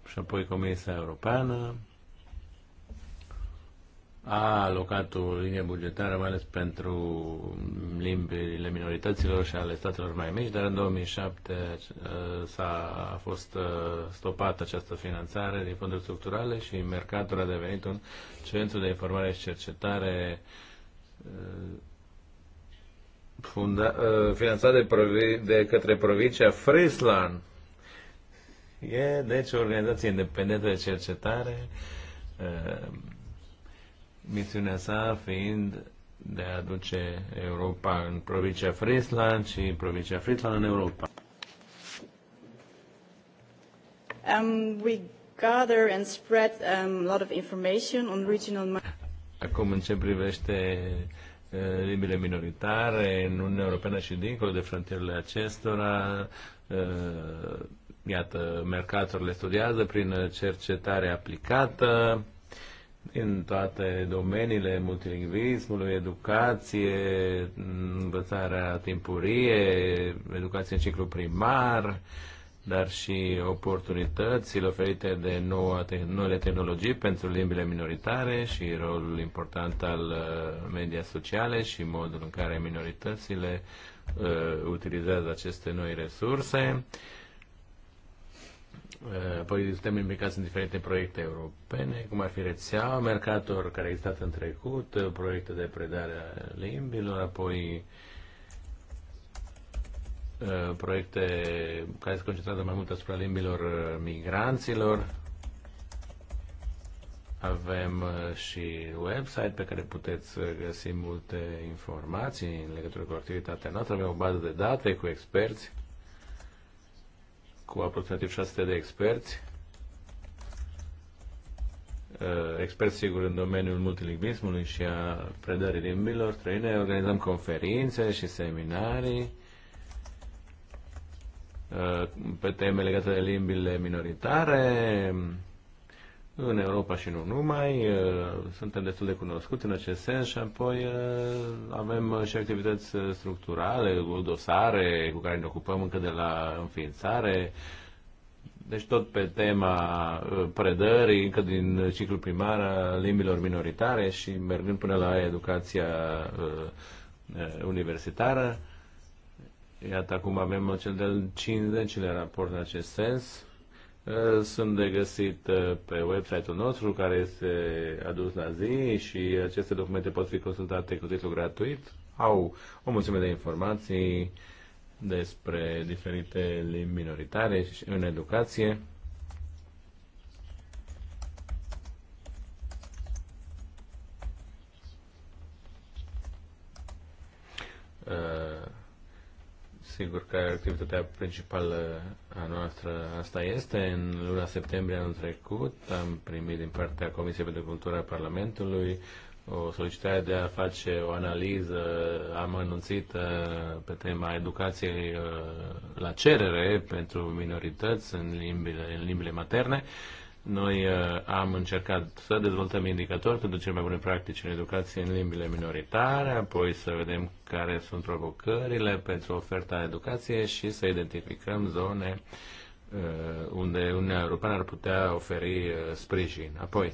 și apoi Comisia Europeană a alocat o linie bugetară, mai ales pentru limbile minorităților și ale statelor mai mici, dar în 2007 uh, s-a, a fost uh, stopată această finanțare din fonduri structurale și mercatul a devenit un centru de informare și cercetare uh, funda, finanțat de, de către provincia Frisland. E, deci, o organizație independentă de cercetare misiunea sa fiind de a aduce Europa în provincia Friesland și provincia Friesland în Europa. Um, we gather and spread um, a um, lot of information on regional Acum în ce privește uh, limbile minoritare în Uniunea Europeană și dincolo de frontierele acestora, uh, iată, mercatorile studiază prin cercetare aplicată, în toate domeniile multilingvismului, educație, învățarea timpurie, educație în ciclu primar, dar și oportunitățile oferite de noua, noile tehnologii pentru limbile minoritare și rolul important al uh, media sociale și modul în care minoritățile uh, utilizează aceste noi resurse. Uh, Eh, apoi suntem implicați în diferite proiecte europene, cum ar fi rețeaua Mercator, care a existat în trecut, eh, proiecte de predare a limbilor, apoi eh, proiecte care se concentrează mai mult asupra limbilor migranților. Avem și website pe care puteți găsi multe informații în legătură cu activitatea noastră. Avem o bază de date cu experți cu aproximativ 600 de experți, uh, experți sigur în domeniul multilingvismului și a predării limbilor străine, organizăm conferințe și seminarii uh, pe teme legate de limbile minoritare, în Europa și nu numai, uh, suntem destul de cunoscuți în acest sens și apoi uh, avem și activități uh, structurale, dosare cu care ne ocupăm încă de la înființare, deci tot pe tema predării, încă din ciclul primar a limbilor minoritare și mergând până la educația universitară. Iată, acum avem cel de-al 50-lea raport în acest sens Eh, sunt de găsit eh, pe website-ul nostru care este adus la zi și aceste documente pot fi consultate cu titlu gratuit. Au o mulțime de informații despre diferite limbi minoritare în educație Sigur că activitatea principală a noastră asta este. În luna septembrie anul trecut am primit din partea Comisiei pentru Cultura Parlamentului o solicitare de a face o analiză amănunțită pe tema educației uh, la cerere pentru minorități în limbile, în limbile materne noi uh, am încercat să dezvoltăm indicatori pentru cele mai bune practici în educație în limbile minoritare, apoi să vedem care sunt provocările pentru oferta educației și să identificăm zone uh, unde Uniunea Europeană ar putea oferi uh, sprijin. Apoi,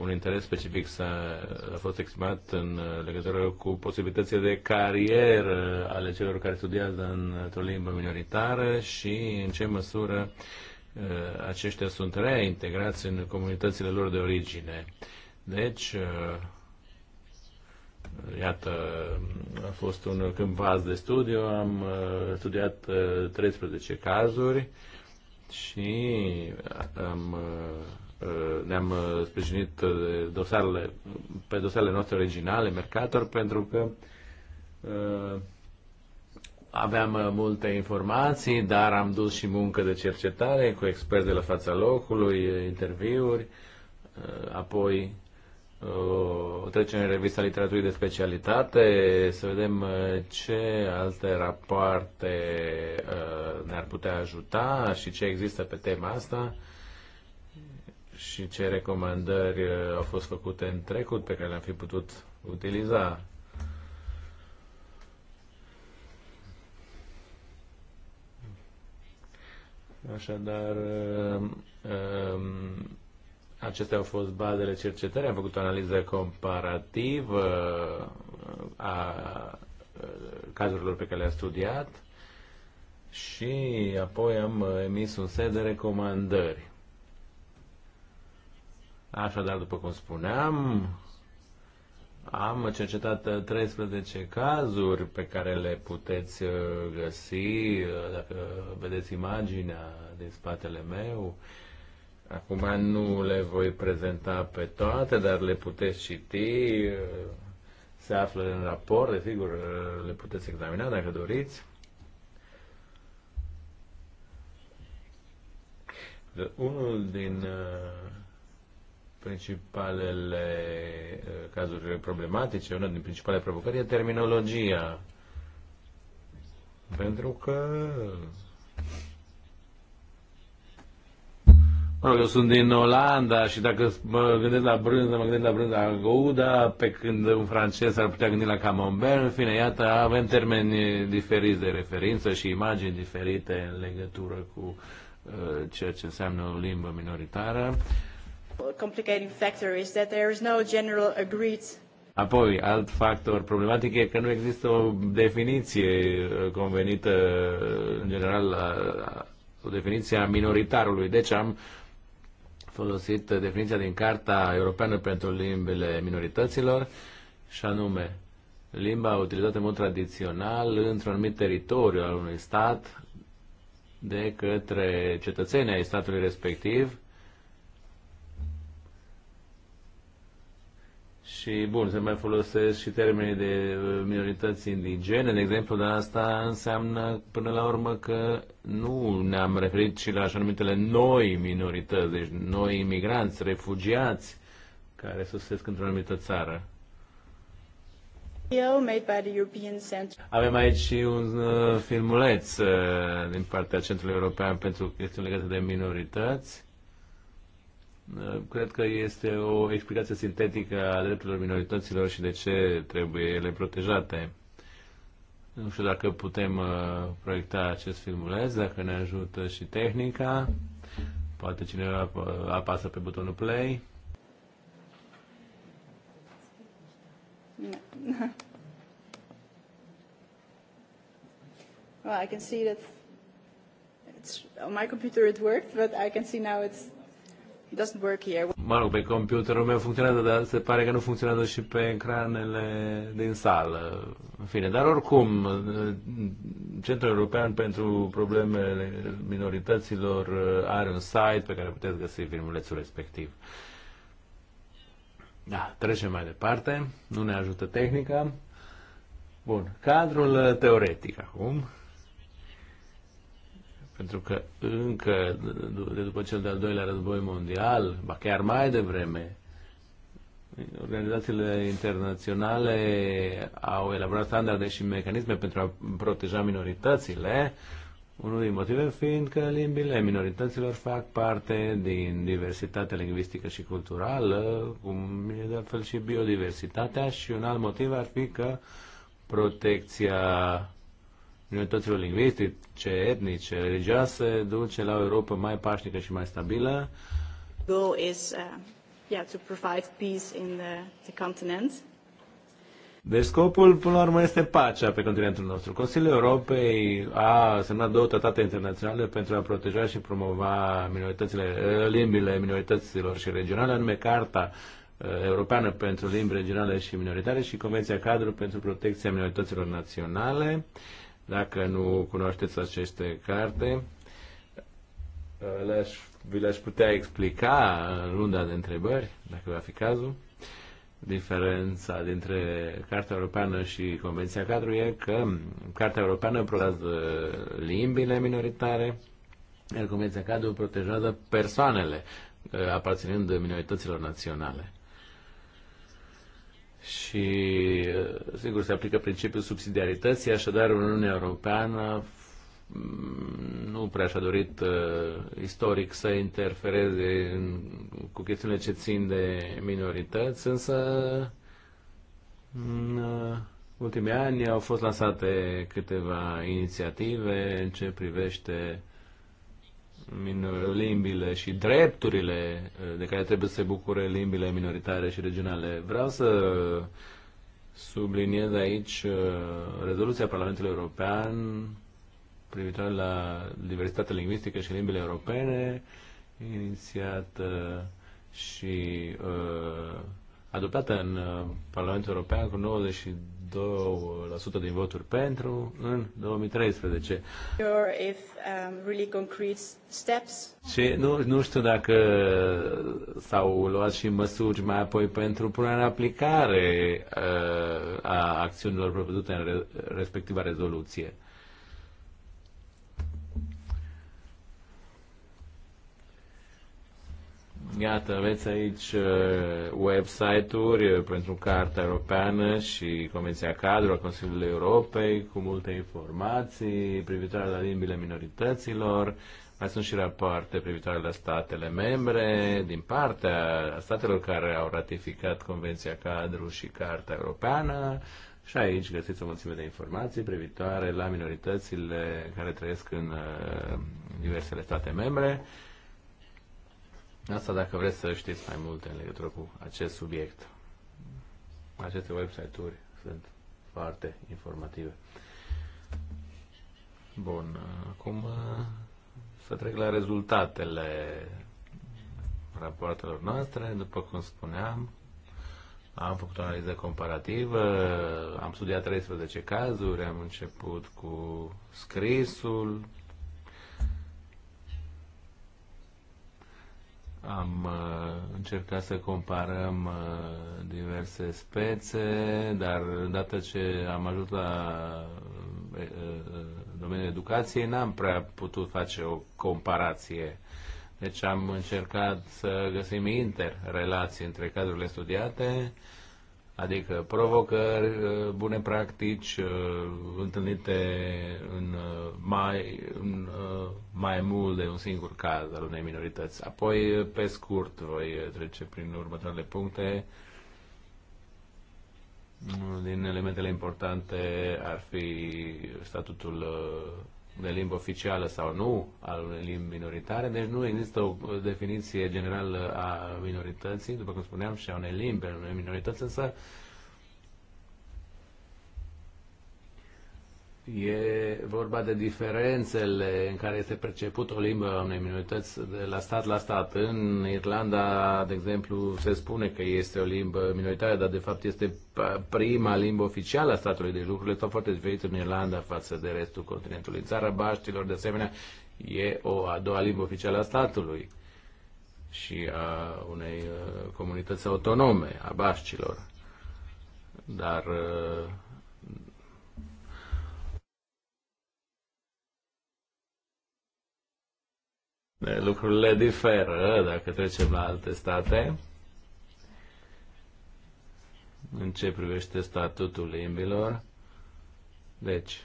un interes specific s-a, a fost exprimat în legătură cu posibilitățile de carieră ale celor care studiază într-o limbă minoritară și în ce măsură uh, Uh, aceștia sunt reintegrați în comunitățile lor de origine. Deci, uh, iată, a fost un câmp vast de studiu, am uh, studiat 13 cazuri și am, ne-am sprijinit dosarele, pe dosarele noastre originale, Mercator, pentru că Aveam uh, multe informații, dar am dus și muncă de cercetare cu experți de la fața locului, uh, interviuri, uh, apoi o trecere în revista literaturii de specialitate, să vedem ce alte rapoarte ne-ar putea ajuta și ce există pe tema asta și ce recomandări au fost făcute în trecut pe care le-am fi putut utiliza Așadar, um, um, acestea au fost bazele cercetării, am făcut o analiză comparativă uh, a uh, cazurilor pe care le-am studiat și apoi am uh, emis un set de recomandări. Așadar, după cum spuneam, am cercetat 13 uh, cazuri pe care le puteți uh, găsi, uh, dacă vedeți imaginea din spatele meu. Acum nu le voi prezenta pe toate, dar le puteți citi. Se află în raport, desigur, le puteți examina dacă doriți. Unul din uh, principalele eh, cazuri problematice, una din principalele provocări e terminologia. Pentru că Mă rog, eu sunt din Olanda și dacă mă gândesc la brânză, mă gândesc la brânza gouda, pe când un francez ar putea gândi la camembert, în fine, iată, avem termeni diferiți de referință și imagini diferite în legătură cu uh, ceea ce înseamnă o limbă minoritară. Uh, complicating factor is that there is no general agreed Apoi, alt factor problematic e că nu există o definiție convenită, în general, la, o definiție a minoritarului. Deci am folosit definiția din Carta Europeană pentru Limbile Minorităților, și anume, limba utilizată în mod tradițional într-un anumit teritoriu al unui stat de către cetățenii ai statului respectiv, Și, bun, se mai folosesc și termenii de uh, minorități indigene, de exemplu, dar asta înseamnă până la urmă că nu ne-am referit și la așa numitele noi minorități, deci noi imigranți, refugiați, care sosesc într-o anumită țară. Avem aici și un uh, filmuleț uh, din partea Centrului European pentru chestiuni legate de minorități Cred că este o explicație sintetică a drepturilor minorităților și de ce trebuie ele protejate. Nu știu dacă putem uh, proiecta acest filmuleț, dacă ne ajută și tehnica. Poate cineva uh, apasă pe butonul play. well, I can see that it's on my computer it worked, but I can see now it's doesn't work here. Mă rog, pe computerul meu funcționează, dar se pare că nu funcționează și pe ecranele din sală. În fine, dar oricum, Centrul European pentru Problemele Minorităților uh, are un site pe care puteți găsi filmulețul respectiv. Da, trecem mai departe. Nu ne ajută tehnica. Bun, cadrul uh, teoretic acum. Pentru că încă de după cel de-al doilea război mondial, ba chiar mai devreme, organizațiile internaționale au elaborat standarde și mecanisme pentru a proteja minoritățile, unul din motive fiind că limbile minorităților fac parte din diversitatea lingvistică și culturală, cum e de altfel și biodiversitatea și un alt motiv ar fi că protecția minorităților lingvistice, etnice, religioase, duce la o Europa mai pașnică și mai stabilă. Goal is, uh, yeah, to provide peace in the, the continent. Deci scopul, până la urmă, este pacea pe continentul nostru. Consiliul Europei a semnat două tratate internaționale pentru a proteja și promova minoritățile, uh, limbile minorităților și regionale, anume Carta uh, Europeană pentru Limbi Regionale și Minoritare și Convenția Cadru pentru Protecția Minorităților Naționale. Uh, dacă nu cunoașteți aceste carte, le-aș, vi le-aș putea explica în runda de întrebări, dacă va fi cazul. Diferența dintre Cartea Europeană și Convenția Cadru e că Cartea Europeană protejează limbile minoritare, iar Convenția Cadru protejează persoanele eh, aparținând minorităților naționale și, uh, sigur, se aplică principiul subsidiarității, așadar Uniunea Europeană mm, nu prea și-a dorit uh, istoric să interfereze în, cu chestiunile ce țin de minorități, însă în uh, ultimii ani au fost lansate câteva inițiative în ce privește uh, limbile și drepturile uh, de care trebuie să se bucure limbile minoritare și regionale. Vreau să subliniez aici uh, rezoluția Parlamentului European privitoare la diversitatea lingvistică și limbile europene, inițiată și uh, adoptată în uh, Parlamentul European cu 2% din voturi pentru în 2013. If, um, really concrete steps. Și nu, nu știu dacă s-au luat și măsuri mai apoi pentru punerea în aplicare uh, a acțiunilor prevăzute în re, respectiva rezoluție. Iată, aveți aici uh, website-uri uh, pentru Carta Europeană și Convenția Cadru a Consiliului Europei cu multe informații privitoare la limbile minorităților. Mai sunt și rapoarte privitoare la statele membre din partea statelor care au ratificat Convenția Cadru și Carta Europeană. Și aici găsiți o mulțime de informații privitoare la minoritățile care trăiesc în uh, diversele state membre. Asta dacă vreți să știți mai multe în legătură cu acest subiect. Aceste website-uri sunt foarte informative. Bun, acum uh, să trec la rezultatele rapoartelor noastre. După cum spuneam, am făcut o analiză comparativă, am studiat 13 cazuri, am început cu scrisul, Am uh, încercat să comparăm uh, diverse spețe, dar dată ce am ajuns la uh, domeniul educației, n-am prea putut face o comparație. Deci am încercat să găsim interrelații între cadrele studiate, adică provocări, uh, bune practici uh, întâlnite în uh, mai, în mai mult de un singur caz al unei minorități. Apoi, pe scurt, voi trece prin următoarele puncte. Unul din elementele importante ar fi statutul de limbă oficială sau nu al unei limbi minoritare, deci nu există o definiție generală a minorității, după cum spuneam, și a unei limbi, a unei minorități, însă E vorba de diferențele în care este perceput o limbă a unei minorități de la stat la stat. În Irlanda, de exemplu, se spune că este o limbă minoritară, dar de fapt este prima limbă oficială a statului. Deci lucrurile stau foarte diferite în Irlanda față de restul continentului. În țara Baștilor, de asemenea, e o a doua limbă oficială a statului și a unei uh, comunități autonome, a Baștilor. Dar uh, lucrurile diferă dacă trecem la alte state în ce privește statutul limbilor. Deci,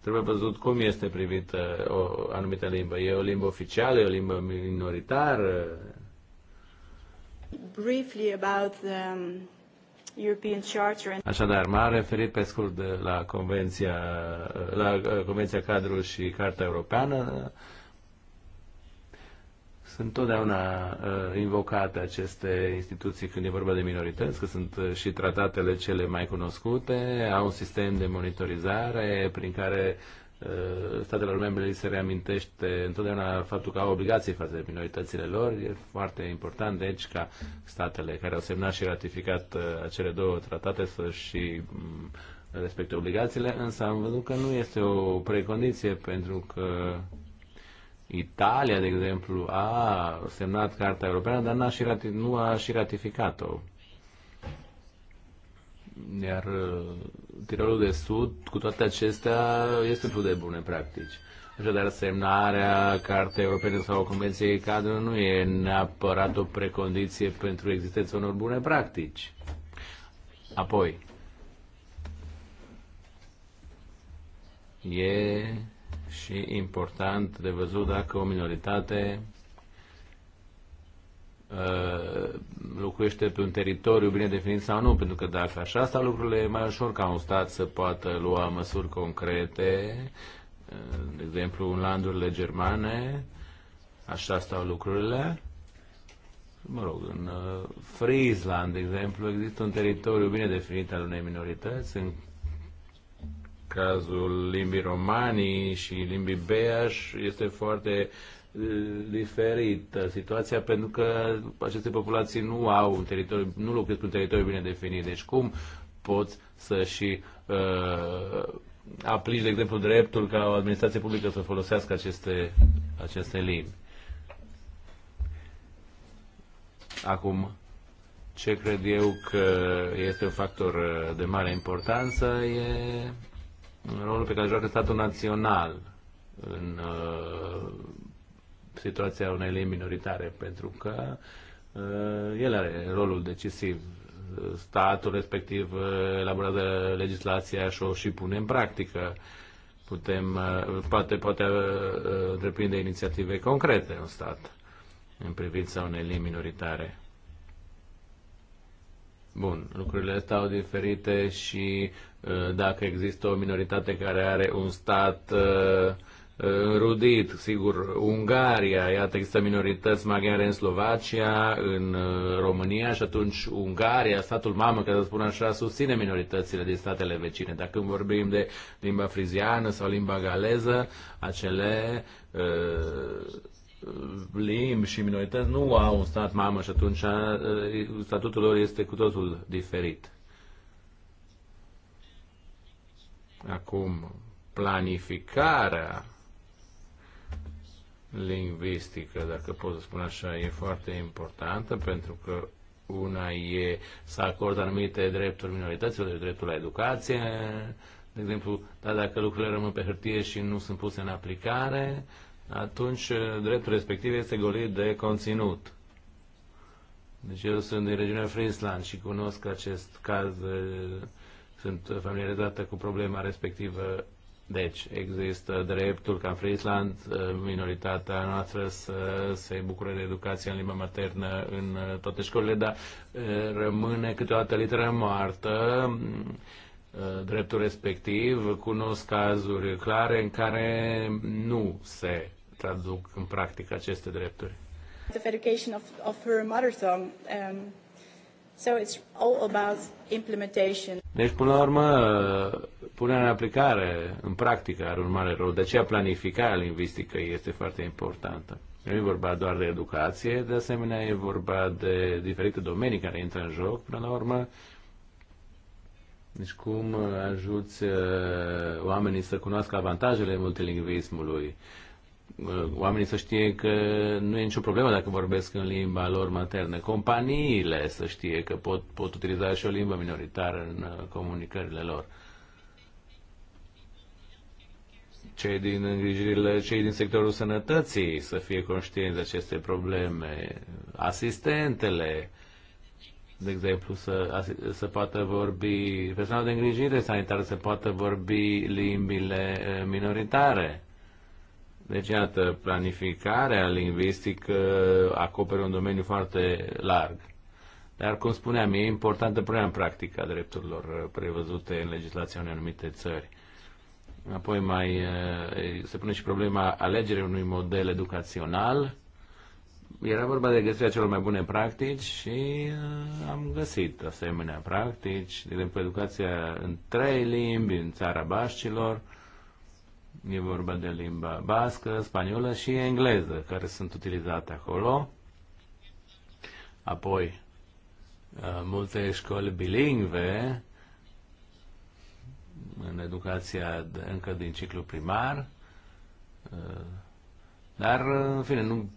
trebuie văzut cum este privită o anumită limbă. E o limbă oficială, e o limbă minoritară? Briefly about the um, European Charter. Așadar, m-a referit pe scurt la Convenția, la uh, Convenția cadru și Carta Europeană sunt totdeauna uh, invocate aceste instituții când e vorba de minorități, că sunt uh, și tratatele cele mai cunoscute, au un sistem de monitorizare prin care uh, statelor membre li se reamintește întotdeauna faptul că au obligații față de minoritățile lor. E foarte important, deci, ca statele care au semnat și ratificat uh, acele două tratate să și um, respecte obligațiile, însă am văzut că nu este o precondiție pentru că Italia, de exemplu, a semnat Carta Europeană, dar a și nu a și ratificat-o. Iar uh, Tirolul de Sud, cu toate acestea, este un de bune practici. Așadar, semnarea Cartei Europene sau Convenției Cadru nu e neapărat o precondiție pentru existența unor bune practici. Apoi, e și important de văzut dacă o minoritate uh, locuiește pe un teritoriu bine definit sau nu, pentru că dacă așa asta lucrurile, e mai ușor ca un stat să poată lua măsuri concrete, uh, de exemplu în landurile germane, așa stau lucrurile. Mă rog, în uh, Friesland, de exemplu, există un teritoriu bine definit al unei minorități în cazul limbii romanii și limbii beaș este foarte uh, diferită situația pentru că aceste populații nu au un teritoriu, nu locuiesc un teritoriu bine definit. Deci cum poți să și uh, aplici, de exemplu, dreptul ca o administrație publică să folosească aceste, aceste limbi? Acum, ce cred eu că este un factor uh, de mare importanță e rolul pe care joacă statul național în uh, situația unei lei minoritare, pentru că uh, el are rolul decisiv. Statul respectiv uh, elaborează legislația și o și pune în practică. Putem, uh, poate poate uh, întreprinde inițiative concrete în stat în privința unei lei minoritare. Bun, lucrurile stau diferite și uh, dacă există o minoritate care are un stat uh, uh, înrudit, sigur, Ungaria, iată, există minorități maghiare în Slovacia, în România și atunci Ungaria, statul mamă, ca să spun așa, susține minoritățile din statele vecine. Dacă când vorbim de limba friziană sau limba galeză, acele uh, limbi și minorități nu au un stat mamă și atunci statutul lor este cu totul diferit. Acum, planificarea lingvistică, dacă pot să spun așa, e foarte importantă pentru că una e să acordă anumite drepturi minorităților, deci dreptul la educație, de exemplu, dar dacă lucrurile rămân pe hârtie și nu sunt puse în aplicare, uh, atunci eh, dreptul respectiv este golit de conținut. Deci eu sunt din regiunea Friesland și cunosc acest caz, eh, sunt familiarizată cu problema respectivă. Deci există dreptul ca în Friesland eh, minoritatea noastră să se bucure de educație în limba maternă în toate școlile, dar rămâne câteodată literă moartă Uh, dreptul respectiv. Cunosc cazuri clare în care nu se traduc în practică aceste drepturi. The education of, of her mother tongue, um, so it's all about implementation. Deci, până la urmă, punerea în aplicare, în practică, are un mare rol. De aceea planificarea lingvistică este foarte importantă. Nu e vorba doar de educație, de asemenea e vorba de diferite domenii care intră în joc, până la urmă deci cum uh, ajuți uh, oamenii să cunoască avantajele multilingvismului? Uh, oamenii să știe că nu e nicio problemă dacă vorbesc în limba lor maternă. Companiile să știe că pot, pot utiliza și o limbă minoritară în comunicările lor cei din îngrijirile, cei din sectorul sănătății să fie conștienți de aceste probleme, asistentele, de exemplu, să, să poată vorbi personal de îngrijire sanitară, să poată vorbi limbile minoritare. Deci, iată, planificarea lingvistică acoperă un domeniu foarte larg. Dar, cum spuneam, e importantă punerea în practică a drepturilor prevăzute în legislația unei anumite țări. Apoi mai se pune și problema alegerii unui model educațional era vorba de găsirea celor mai bune practici și uh, am găsit asemenea practici, de exemplu educația în trei limbi, în țara bașcilor, e vorba de limba bască, spaniolă și engleză, care sunt utilizate acolo. Apoi, uh, multe școli bilingve în educația încă din ciclu primar, uh, dar, în fine, nu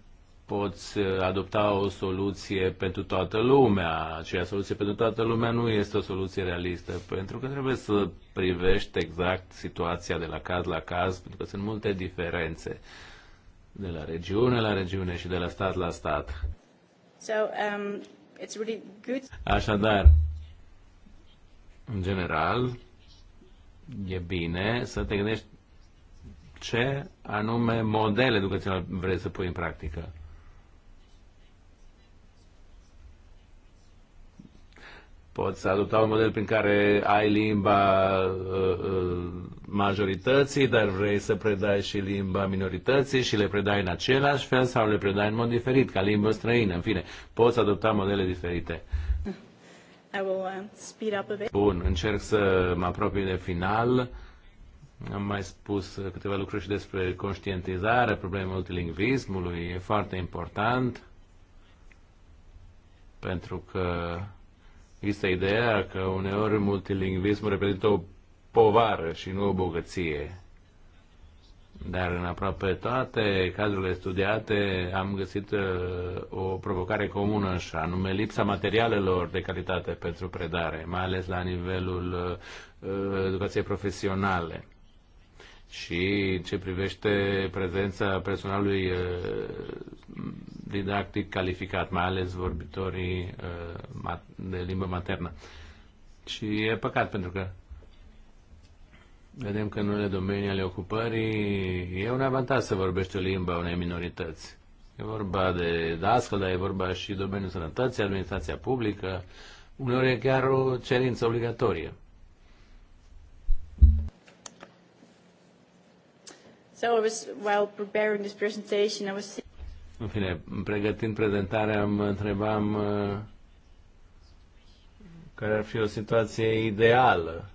poți uh, adopta o soluție pentru toată lumea. Aceea soluție pentru toată lumea nu este o soluție realistă, pentru că trebuie să privești exact situația de la caz la caz, pentru că sunt multe diferențe de la regiune la regiune și de la stat la stat. So, um, it's really good. Așadar, în general, e bine să te gândești ce anume model educațional vrei să pui în practică. Poți adopta un model prin care ai limba uh, uh, majorității, dar vrei să predai și limba minorității și le predai în același fel sau le predai în mod diferit, ca limbă străină. În fine, poți adopta modele diferite. I will uh, speed up a bit. Bun, încerc să mă apropii de final. Am mai spus câteva lucruri și despre conștientizare, problema multilingvismului, e foarte important pentru că Există ideea că uneori multilingvismul reprezintă o povară și nu o bogăție. Dar în aproape toate cazurile studiate am găsit uh, o provocare comună și anume lipsa materialelor de calitate pentru predare, mai ales la nivelul uh, uh, educației profesionale și ce privește prezența personalului uh, didactic calificat, mai ales vorbitorii uh, de limbă maternă. Și e păcat pentru că vedem că în unele domenii ale ocupării e un avantaj să vorbești o limbă a unei minorități. E vorba de dascăl, dar e vorba și domeniul sănătății, administrația publică. Uneori e chiar o cerință obligatorie. So I was, while preparing this presentation, I was... În fine, pregătind prezentarea, mă întrebam uh, care ar fi o situație ideală,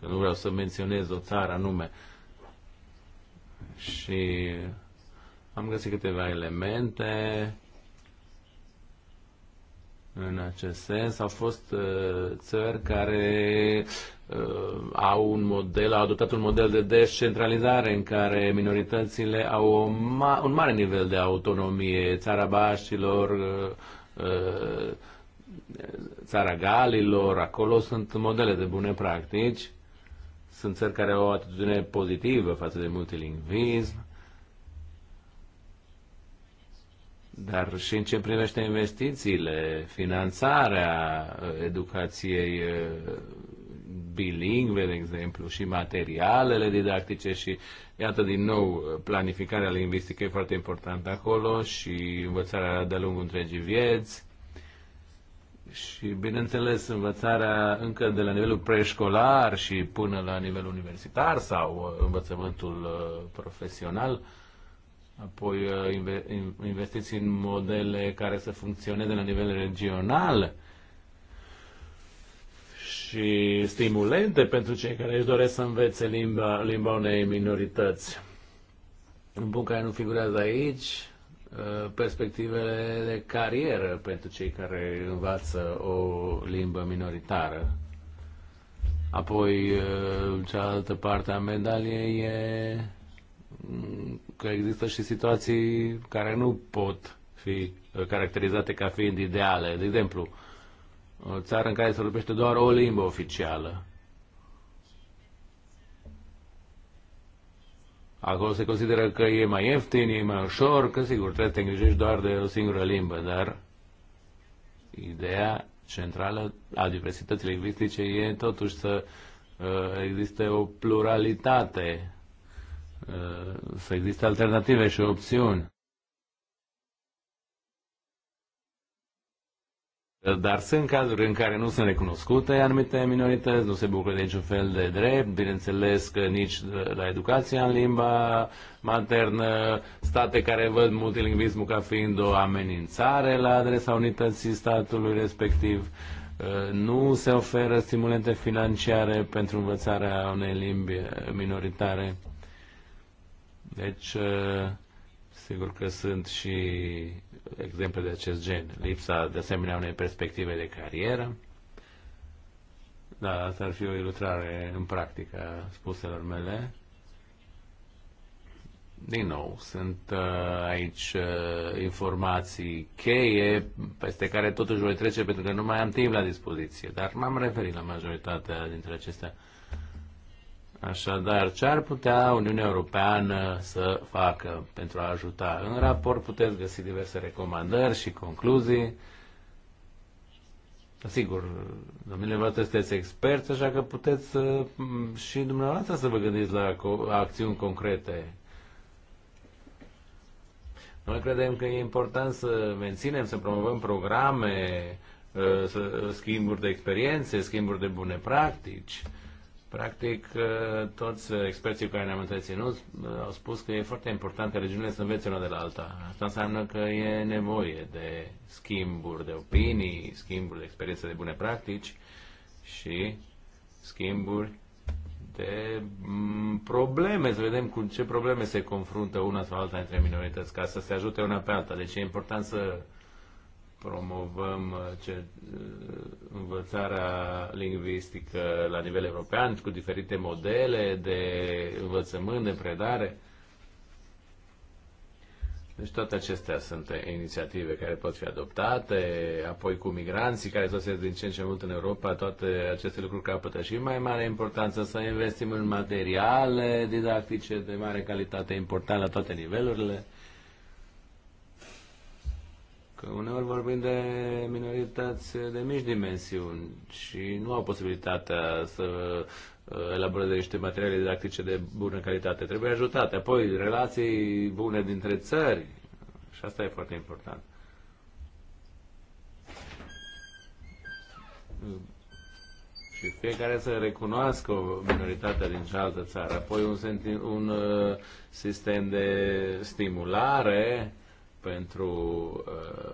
că nu vreau să menționez o țară anume. Și am găsit câteva elemente în acest sens. Au fost uh, țări care Uh, au un model, au adoptat un model de descentralizare în care minoritățile au o ma- un mare nivel de autonomie, țara uh, uh, țara galilor, acolo sunt modele de bune practici, sunt țări care au o atitudine pozitivă față de multilingvism, Dar și în ce privește investițiile, finanțarea uh, educației bilingve, de exemplu, și materialele didactice și, iată, din nou, planificarea lingvistică e foarte importantă acolo și învățarea de-a lungul întregii vieți și, bineînțeles, învățarea încă de la nivelul preșcolar și până la nivelul universitar sau uh, învățământul uh, profesional, apoi uh, investiții în modele care să funcționeze la nivel regional, și stimulente pentru cei care își doresc să învețe limba, limba unei minorități. Un punct care nu figurează aici, uh, perspectivele de carieră pentru cei care învață o limbă minoritară. Apoi, uh, cealaltă parte a medaliei e mm, că există și situații care nu pot fi uh, caracterizate ca fiind ideale. De exemplu, o țară în care se vorbește doar o limbă oficială. Acolo se consideră că e mai ieftin, e mai ușor, că sigur trebuie să te îngrijești doar de o singură limbă, dar ideea centrală a diversității lingvistice e totuși să uh, existe o pluralitate, uh, să existe alternative și opțiuni. Dar sunt cazuri în care nu sunt recunoscute anumite minorități, nu se bucură de niciun fel de drept, bineînțeles că nici uh, la educația în limba maternă, state care văd multilingvismul ca fiind o amenințare la adresa unității statului respectiv, uh, nu se oferă stimulente financiare pentru învățarea unei limbi uh, minoritare. Deci, sigur că sunt și exemple de acest gen. Lipsa, de asemenea, unei perspective de carieră. Da, asta ar fi o ilustrare în practică a spuselor mele. Din nou, sunt uh, aici uh, informații cheie peste care totuși voi trece pentru că nu mai am timp la dispoziție, dar m-am referit la majoritatea dintre acestea. Uh, Așadar, ce ar putea Uniunea Europeană să facă pentru a ajuta? În raport puteți găsi diverse recomandări și concluzii. Sigur, domnule voastre sunteți experți, așa că puteți uh, și dumneavoastră să vă gândiți la acțiuni concrete. Noi credem că e important să menținem, să promovăm programe, uh, schimburi de experiențe, schimburi de bune practici Practic, uh, toți experții care ne-am întreținut uh, au spus că e foarte important că regiunile să învețe una de la alta. Asta înseamnă că e nevoie de schimburi de opinii, schimburi de experiențe de bune practici și schimburi de mm, probleme, să vedem cu ce probleme se confruntă una sau alta între minorități, ca să se ajute una pe alta. Deci e important să promovăm uh, uh, învățarea lingvistică la nivel european cu diferite modele de învățământ, de predare. Deci toate acestea sunt inițiative care pot fi adoptate, apoi cu migranții care sosesc din ce în ce mult în Europa, toate aceste lucruri capătă și mai mare importanță să investim în materiale didactice de mare calitate important la toate nivelurile că uneori vorbim de minorități de mici dimensiuni și nu au posibilitatea să uh, elaboreze niște materiale didactice de bună calitate. Trebuie ajutate. Apoi, relații bune dintre țări. Și asta e foarte important. Și fiecare să recunoască o minoritate din cealaltă țară. Apoi un, un uh, sistem de stimulare uh, pentru uh,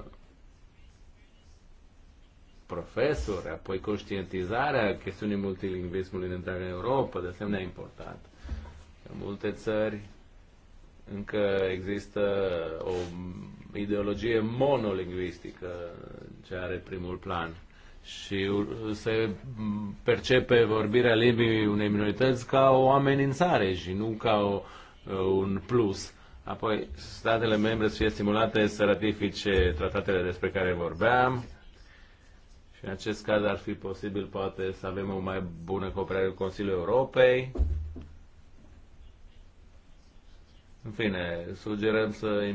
profesori, apoi conștientizarea chestiunii multilingvismului în întreaga Europa, de asemenea important. În multe țări încă există o ideologie monolingvistică ce are primul plan și uh, se percepe vorbirea limbii unei minorități ca o amenințare și nu ca o, un plus. Apoi, statele membre să fie stimulate să ratifice tratatele despre care vorbeam. Și în acest caz ar fi posibil, poate, să avem o mai bună cooperare cu Consiliul Europei. În fine, sugerăm să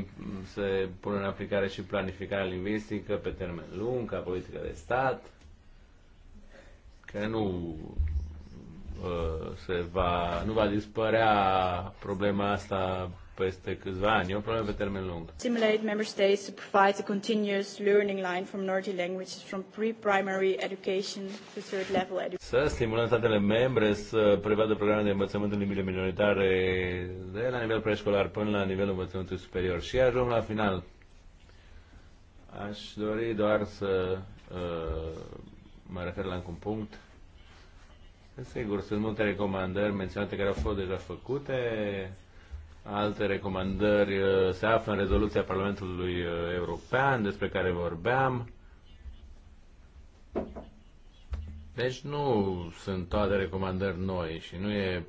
se pună în aplicare și planificarea lingvistică pe termen lung, ca politică de stat, că nu uh, se va, nu va dispărea problema asta peste câțiva ani. E o problemă pe termen lung. Simulate member states to provide a continuous learning line from minority languages from pre-primary education to third level education. Să stimulăm statele membre să prevadă programe de învățământ în limbile minoritare de la nivel preșcolar până la nivelul învățământului superior. Și ajung la final. Aș dori doar să uh, mă refer la un punct Sigur, sunt multe recomandări menționate care au fost deja făcute. Alte recomandări uh, se află în rezoluția Parlamentului uh, European despre care vorbeam. Deci nu sunt toate recomandări noi și nu e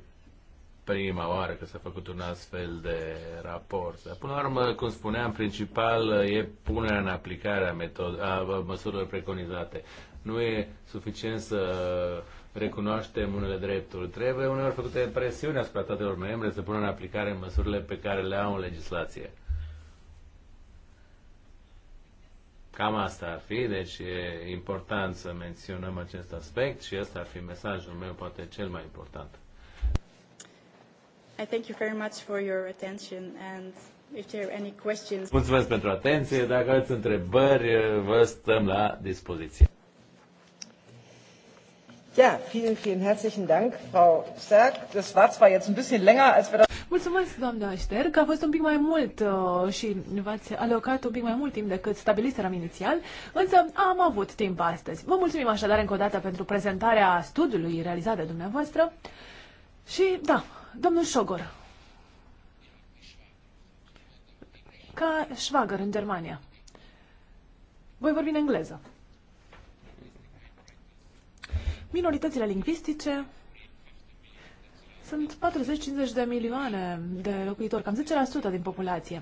prima oară că s-a făcut un astfel de raport. Dar, până la urmă, cum spuneam, principal uh, e punerea în aplicare a, metod- a măsurilor preconizate. Nu e suficient să recunoaștem unele drepturi. Trebuie uneori făcute presiune asupra statelor membre să pună în aplicare măsurile pe care le au în legislație. Cam asta ar fi, deci e important să menționăm acest aspect și ăsta ar fi mesajul meu, poate cel mai important. I thank you very much for your attention and if there are any questions... Mulțumesc pentru atenție, dacă aveți întrebări, vă stăm la dispoziție. Ja, vielen, vielen herzlichen Dank, Frau Sterk. Das war zwar jetzt ein bisschen länger, als wir das... Mulțumesc, doamna Șterc, a fost un pic mai mult uh, și v-ați alocat un pic mai mult timp decât stabiliseram inițial, însă am avut timp astăzi. Vă mulțumim așadar încă o dată pentru prezentarea studiului realizat de dumneavoastră și, da, domnul Șogor, ca șvagăr în Germania. Voi vorbi în engleză. Minoritățile lingvistice sunt 40-50 de milioane de locuitori, cam 10% din populație.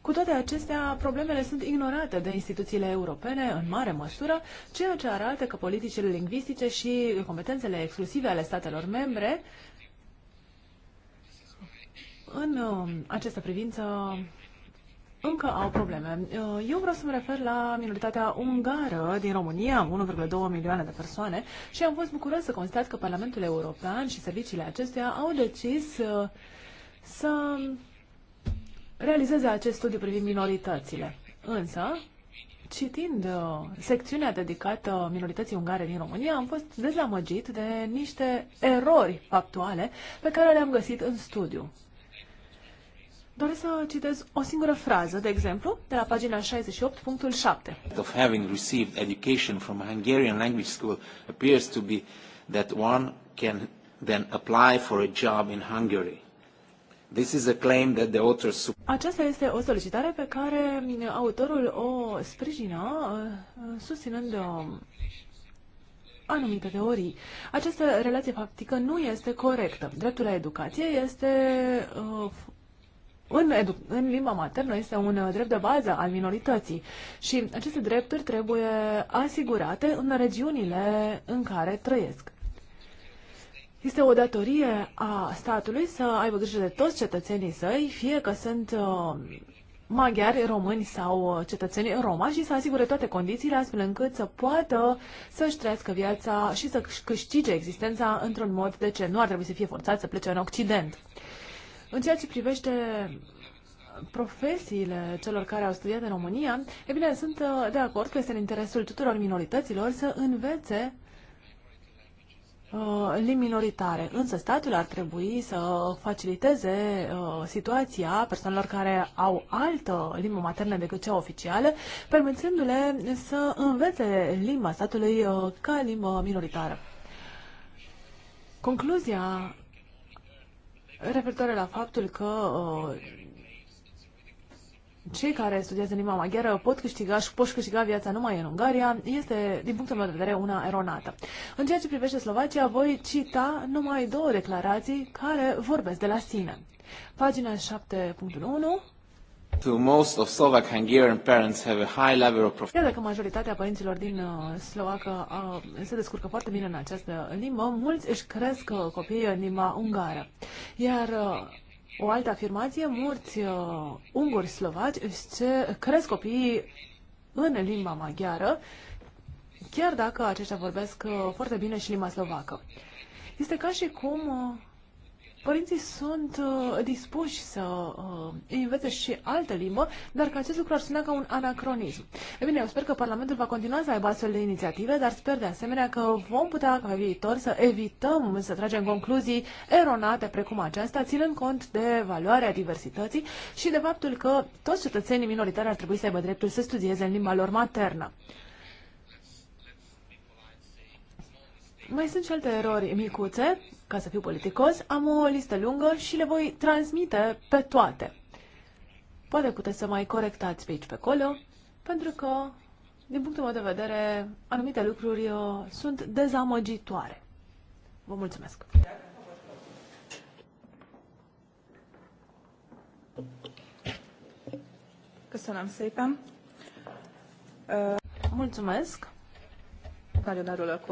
Cu toate acestea, problemele sunt ignorate de instituțiile europene în mare măsură, ceea ce arată că politicile lingvistice și competențele exclusive ale statelor membre în um, această privință încă au probleme. Uh, eu vreau să mă refer la minoritatea ungară din România, 1,2 milioane de persoane, și am fost bucuros să constat că Parlamentul European și serviciile acestuia au decis uh, să realizeze acest studiu privind minoritățile. Însă, citind uh, secțiunea dedicată minorității ungare din România, am fost dezamăgit de niște erori factuale pe care le-am găsit în studiu. Doresc să citez o singură frază, de exemplu, de la pagina 68, punctul 7. Of having received education from a Hungarian language school appears to be that one can then apply for a job in Hungary. This is a claim that the author... Aceasta este o solicitare pe care autorul o sprijină uh, uh, susținând uh, anumite teorii. Această relație faptică nu este corectă. Dreptul la educație este în, în limba maternă este un uh, drept de bază al minorității și aceste drepturi trebuie asigurate în regiunile în care trăiesc. Este o datorie a statului să aibă grijă de toți cetățenii săi, fie că sunt uh, maghiari, români sau uh, cetățenii roma și să asigure toate condițiile astfel încât să poată să-și trăiască viața și să și câștige existența într-un mod de ce nu ar trebui să fie forțat să plece în Occident. În ceea ce privește profesiile celor care au studiat în România, e bine, sunt uh, de acord că este în interesul tuturor minorităților să învețe uh, limbi minoritare. Însă statul ar trebui să faciliteze uh, situația persoanelor care au altă limbă maternă decât cea oficială, permițându-le să învețe limba statului ca limbă minoritară. Concluzia referitoare la faptul că uh, cei care studiază limba maghiară pot câștiga și pot câștiga viața numai în Ungaria, este, din punctul meu de vedere, una eronată. În ceea ce privește Slovacia, voi cita numai două declarații care vorbesc de la sine. Pagina 7.1 Cred dacă majoritatea părinților din uh, Slovacă uh, se descurcă foarte bine în această limbă. Mulți își cresc uh, copiii în limba ungară. Iar o altă afirmație, mulți unguri slovaci își cresc copiii în limba maghiară, chiar dacă aceștia vorbesc foarte bine și limba slovacă. Este ca și cum părinții sunt uh, dispuși să uh, învețe și altă limbă, dar că acest lucru ar suna ca un anacronism. E bine, eu sper că Parlamentul va continua să aibă astfel de inițiative, dar sper de asemenea că vom putea ca viitor să evităm să tragem concluzii eronate precum aceasta, ținând cont de valoarea diversității și de faptul că toți cetățenii minoritari ar trebui să aibă dreptul să studieze în limba lor maternă. Mai sunt și alte erori micuțe, ca să fiu politicos, am o listă lungă și le voi transmite pe toate. Poate puteți să mai corectați pe aici, pe acolo, pentru că, din punctul meu de vedere, anumite lucruri uh, sunt dezamăgitoare. Vă mulțumesc! Köszönöm szépen! Mulțumesc! Nagyon örülök,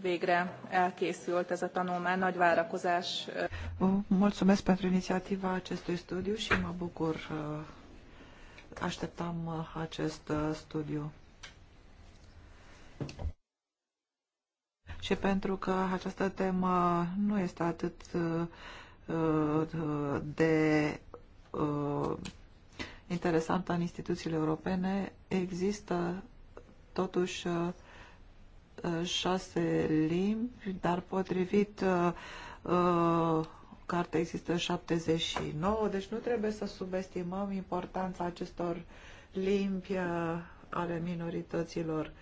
végre elkészült ez a tanulmány, nagy várakozás. Mulțumesc pentru inițiativa acestui studiu și mă bucur. Așteptam uh, acest uh, studiu. Și pentru că această temă nu este atât uh, de interesantă în instituțiile europene, există totuși șase limbi, dar potrivit uh, uh cartea există 79, deci nu trebuie să subestimăm importanța acestor limbi uh, ale minorităților.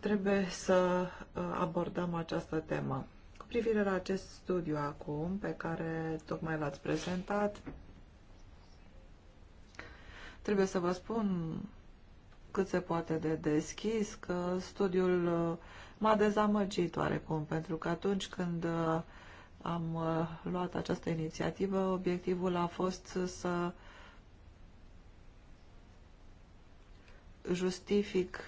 Trebuie să uh, abordăm această temă. Cu privire la acest studiu acum, pe care tocmai l-ați prezentat, trebuie să vă spun cât se poate de deschis că studiul uh, m-a dezamăgit oarecum, pentru că atunci când uh, am uh, luat această inițiativă, obiectivul a fost să justific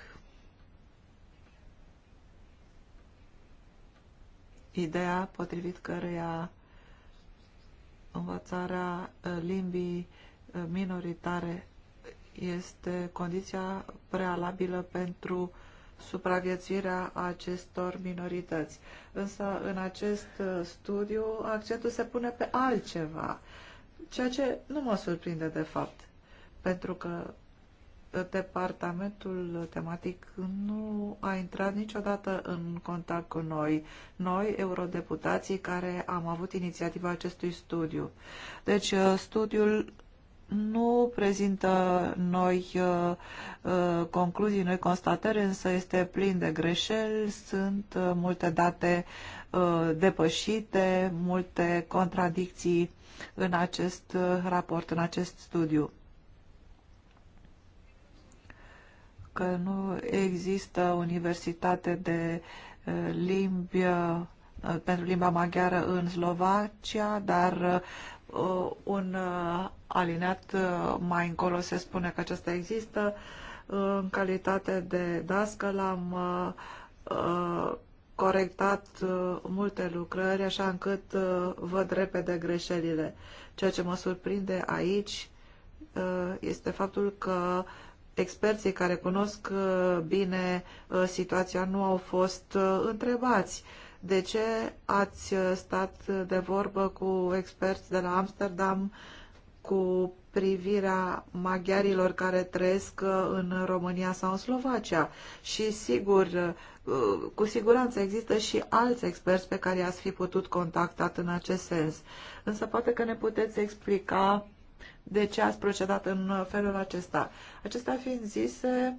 ideea potrivit căreia învățarea limbii minoritare este condiția prealabilă pentru supraviețuirea acestor minorități. Însă, în acest uh, studiu, accentul se pune pe altceva, ceea ce nu mă surprinde, de fapt, pentru că departamentul tematic nu a intrat niciodată în contact cu noi, noi, eurodeputații, care am avut inițiativa acestui studiu. Deci, uh, studiul nu prezintă noi uh, uh, concluzii, noi constatări, însă este plin de greșeli, sunt uh, multe date depășite, multe contradicții în acest raport, în acest studiu. Că nu există universitate de limbi pentru limba maghiară în Slovacia, dar Uh, un uh, alineat uh, mai încolo se spune că acesta există. În calitate de l am corectat multe lucrări, așa încât văd repede greșelile. Ceea ce mă surprinde aici este faptul că experții care cunosc bine situația nu au fost întrebați. De ce ați stat de vorbă cu experți de la Amsterdam cu privirea maghiarilor care trăiesc în România sau în Slovacia? Și sigur, cu siguranță există și alți experți pe care i-ați fi putut contacta în acest sens. Însă poate că ne puteți explica de ce ați procedat în felul acesta. Acestea fiind zise,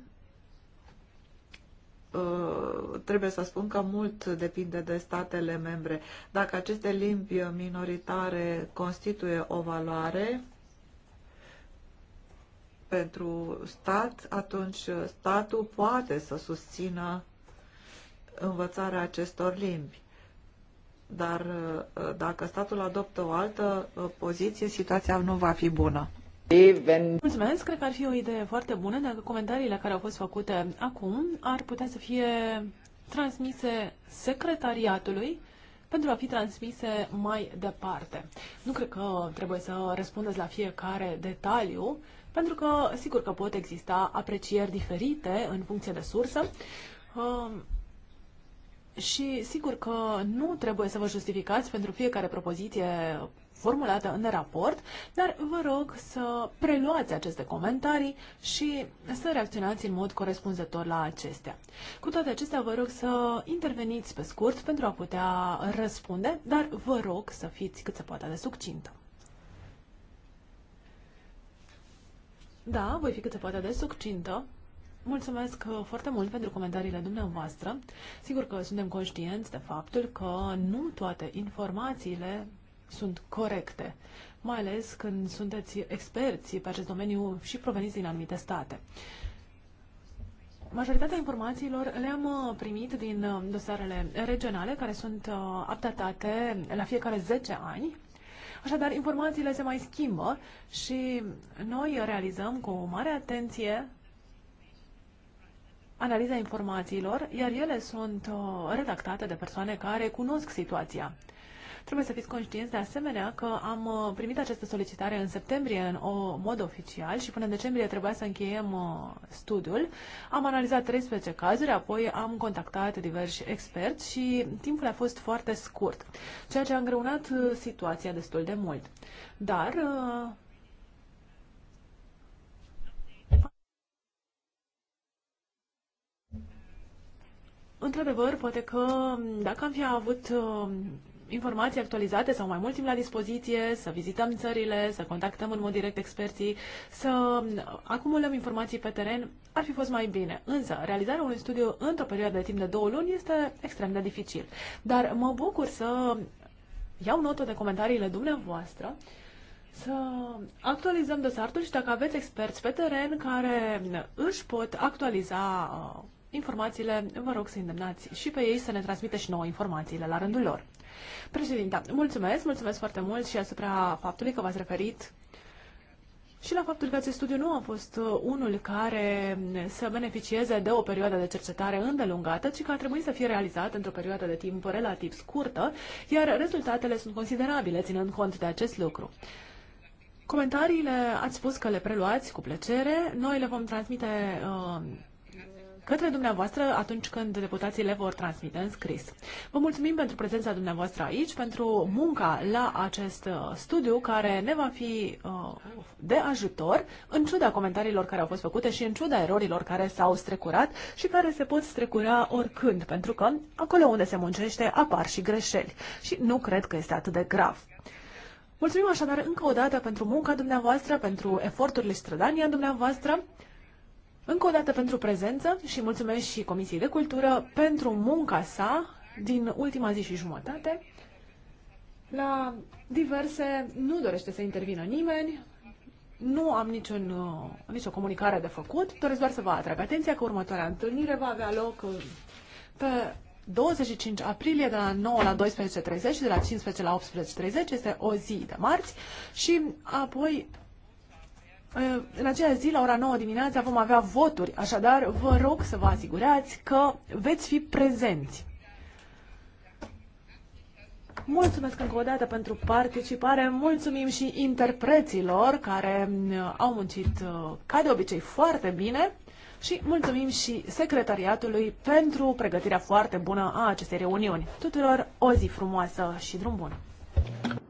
Uh, trebuie să spun că mult depinde de statele membre. Dacă aceste limbi minoritare constituie o valoare pentru stat, atunci statul poate să susțină învățarea acestor limbi. Dar uh, dacă statul adoptă o altă uh, poziție, situația nu va fi bună. Even... Mulțumesc, cred că ar fi o idee foarte bună dacă comentariile care au fost făcute acum ar putea să fie transmise secretariatului pentru a fi transmise mai departe. Nu cred că trebuie să răspundeți la fiecare detaliu, pentru că sigur că pot exista aprecieri diferite în funcție de sursă. Um, și sigur că nu trebuie să vă justificați pentru fiecare propoziție formulată în raport, dar vă rog să preluați aceste comentarii și să reacționați în mod corespunzător la acestea. Cu toate acestea, vă rog să interveniți pe scurt pentru a putea răspunde, dar vă rog să fiți cât se poate de succintă. Da, voi fi cât se poate de succintă. Mulțumesc uh, foarte mult pentru comentariile dumneavoastră. Sigur că suntem conștienți de faptul că nu toate informațiile sunt corecte, mai ales când sunteți experți pe acest domeniu și proveniți din anumite state. Majoritatea informațiilor le-am uh, primit din uh, dosarele regionale, care sunt uh, updatate la fiecare 10 ani. Așadar, informațiile se mai schimbă și noi realizăm cu mare atenție analiza informațiilor, iar ele sunt redactate de persoane care cunosc situația. Trebuie să fiți conștienți de asemenea că am uh, primit această solicitare în septembrie în o, mod oficial și până în decembrie trebuia să încheiem uh, studiul. Am analizat 13 cazuri, apoi am contactat diversi experți și timpul a fost foarte scurt, ceea ce a îngreunat uh, situația destul de mult. Dar Într-adevăr, poate că dacă am fi avut informații actualizate sau mai mult timp la dispoziție, să vizităm țările, să contactăm în mod direct experții, să acumulăm informații pe teren, ar fi fost mai bine. Însă, realizarea unui studiu într-o perioadă de timp de două luni este extrem de dificil. Dar mă bucur să iau notă de comentariile dumneavoastră să actualizăm dosarul și dacă aveți experți pe teren care își pot actualiza uh, informațiile, vă rog să îndemnați și pe ei să ne transmită și nouă informațiile la rândul lor. Președinta, mulțumesc, mulțumesc foarte mult și asupra faptului că v-ați referit și la faptul că acest studiu nu a fost uh, unul care să beneficieze de o perioadă de cercetare îndelungată, ci că a trebuit să fie realizat într-o perioadă de timp relativ scurtă, iar rezultatele sunt considerabile, ținând cont de acest lucru. Comentariile ați spus că le preluați cu plăcere. Noi le vom transmite uh, către dumneavoastră atunci când deputații le vor transmite în scris. Vă mulțumim pentru prezența dumneavoastră aici, pentru munca la acest uh, studiu care ne va fi uh, de ajutor în ciuda comentariilor care au fost făcute și în ciuda erorilor care s-au strecurat și care se pot strecura oricând, pentru că acolo unde se muncește apar și greșeli și nu cred că este atât de grav. Mulțumim așadar încă o dată pentru munca dumneavoastră, pentru eforturile și strădania dumneavoastră. Încă o dată pentru prezență și mulțumesc și Comisiei de Cultură pentru munca sa din ultima zi și jumătate. La diverse nu dorește să intervină nimeni, nu am niciun, uh, nicio comunicare de făcut, doresc doar să vă atrag atenția că următoarea întâlnire va avea loc uh, pe 25 aprilie de la 9 la 12.30 și de la 15 la 18.30, este o zi de marți și apoi în acea zi, la ora 9 dimineața, vom avea voturi, așadar vă rog să vă asigurați că veți fi prezenți. Mulțumesc încă o dată pentru participare, mulțumim și interpreților care uh, au muncit uh, ca de obicei foarte bine și mulțumim și secretariatului pentru pregătirea foarte bună a acestei reuniuni. Tuturor o zi frumoasă și drum bun!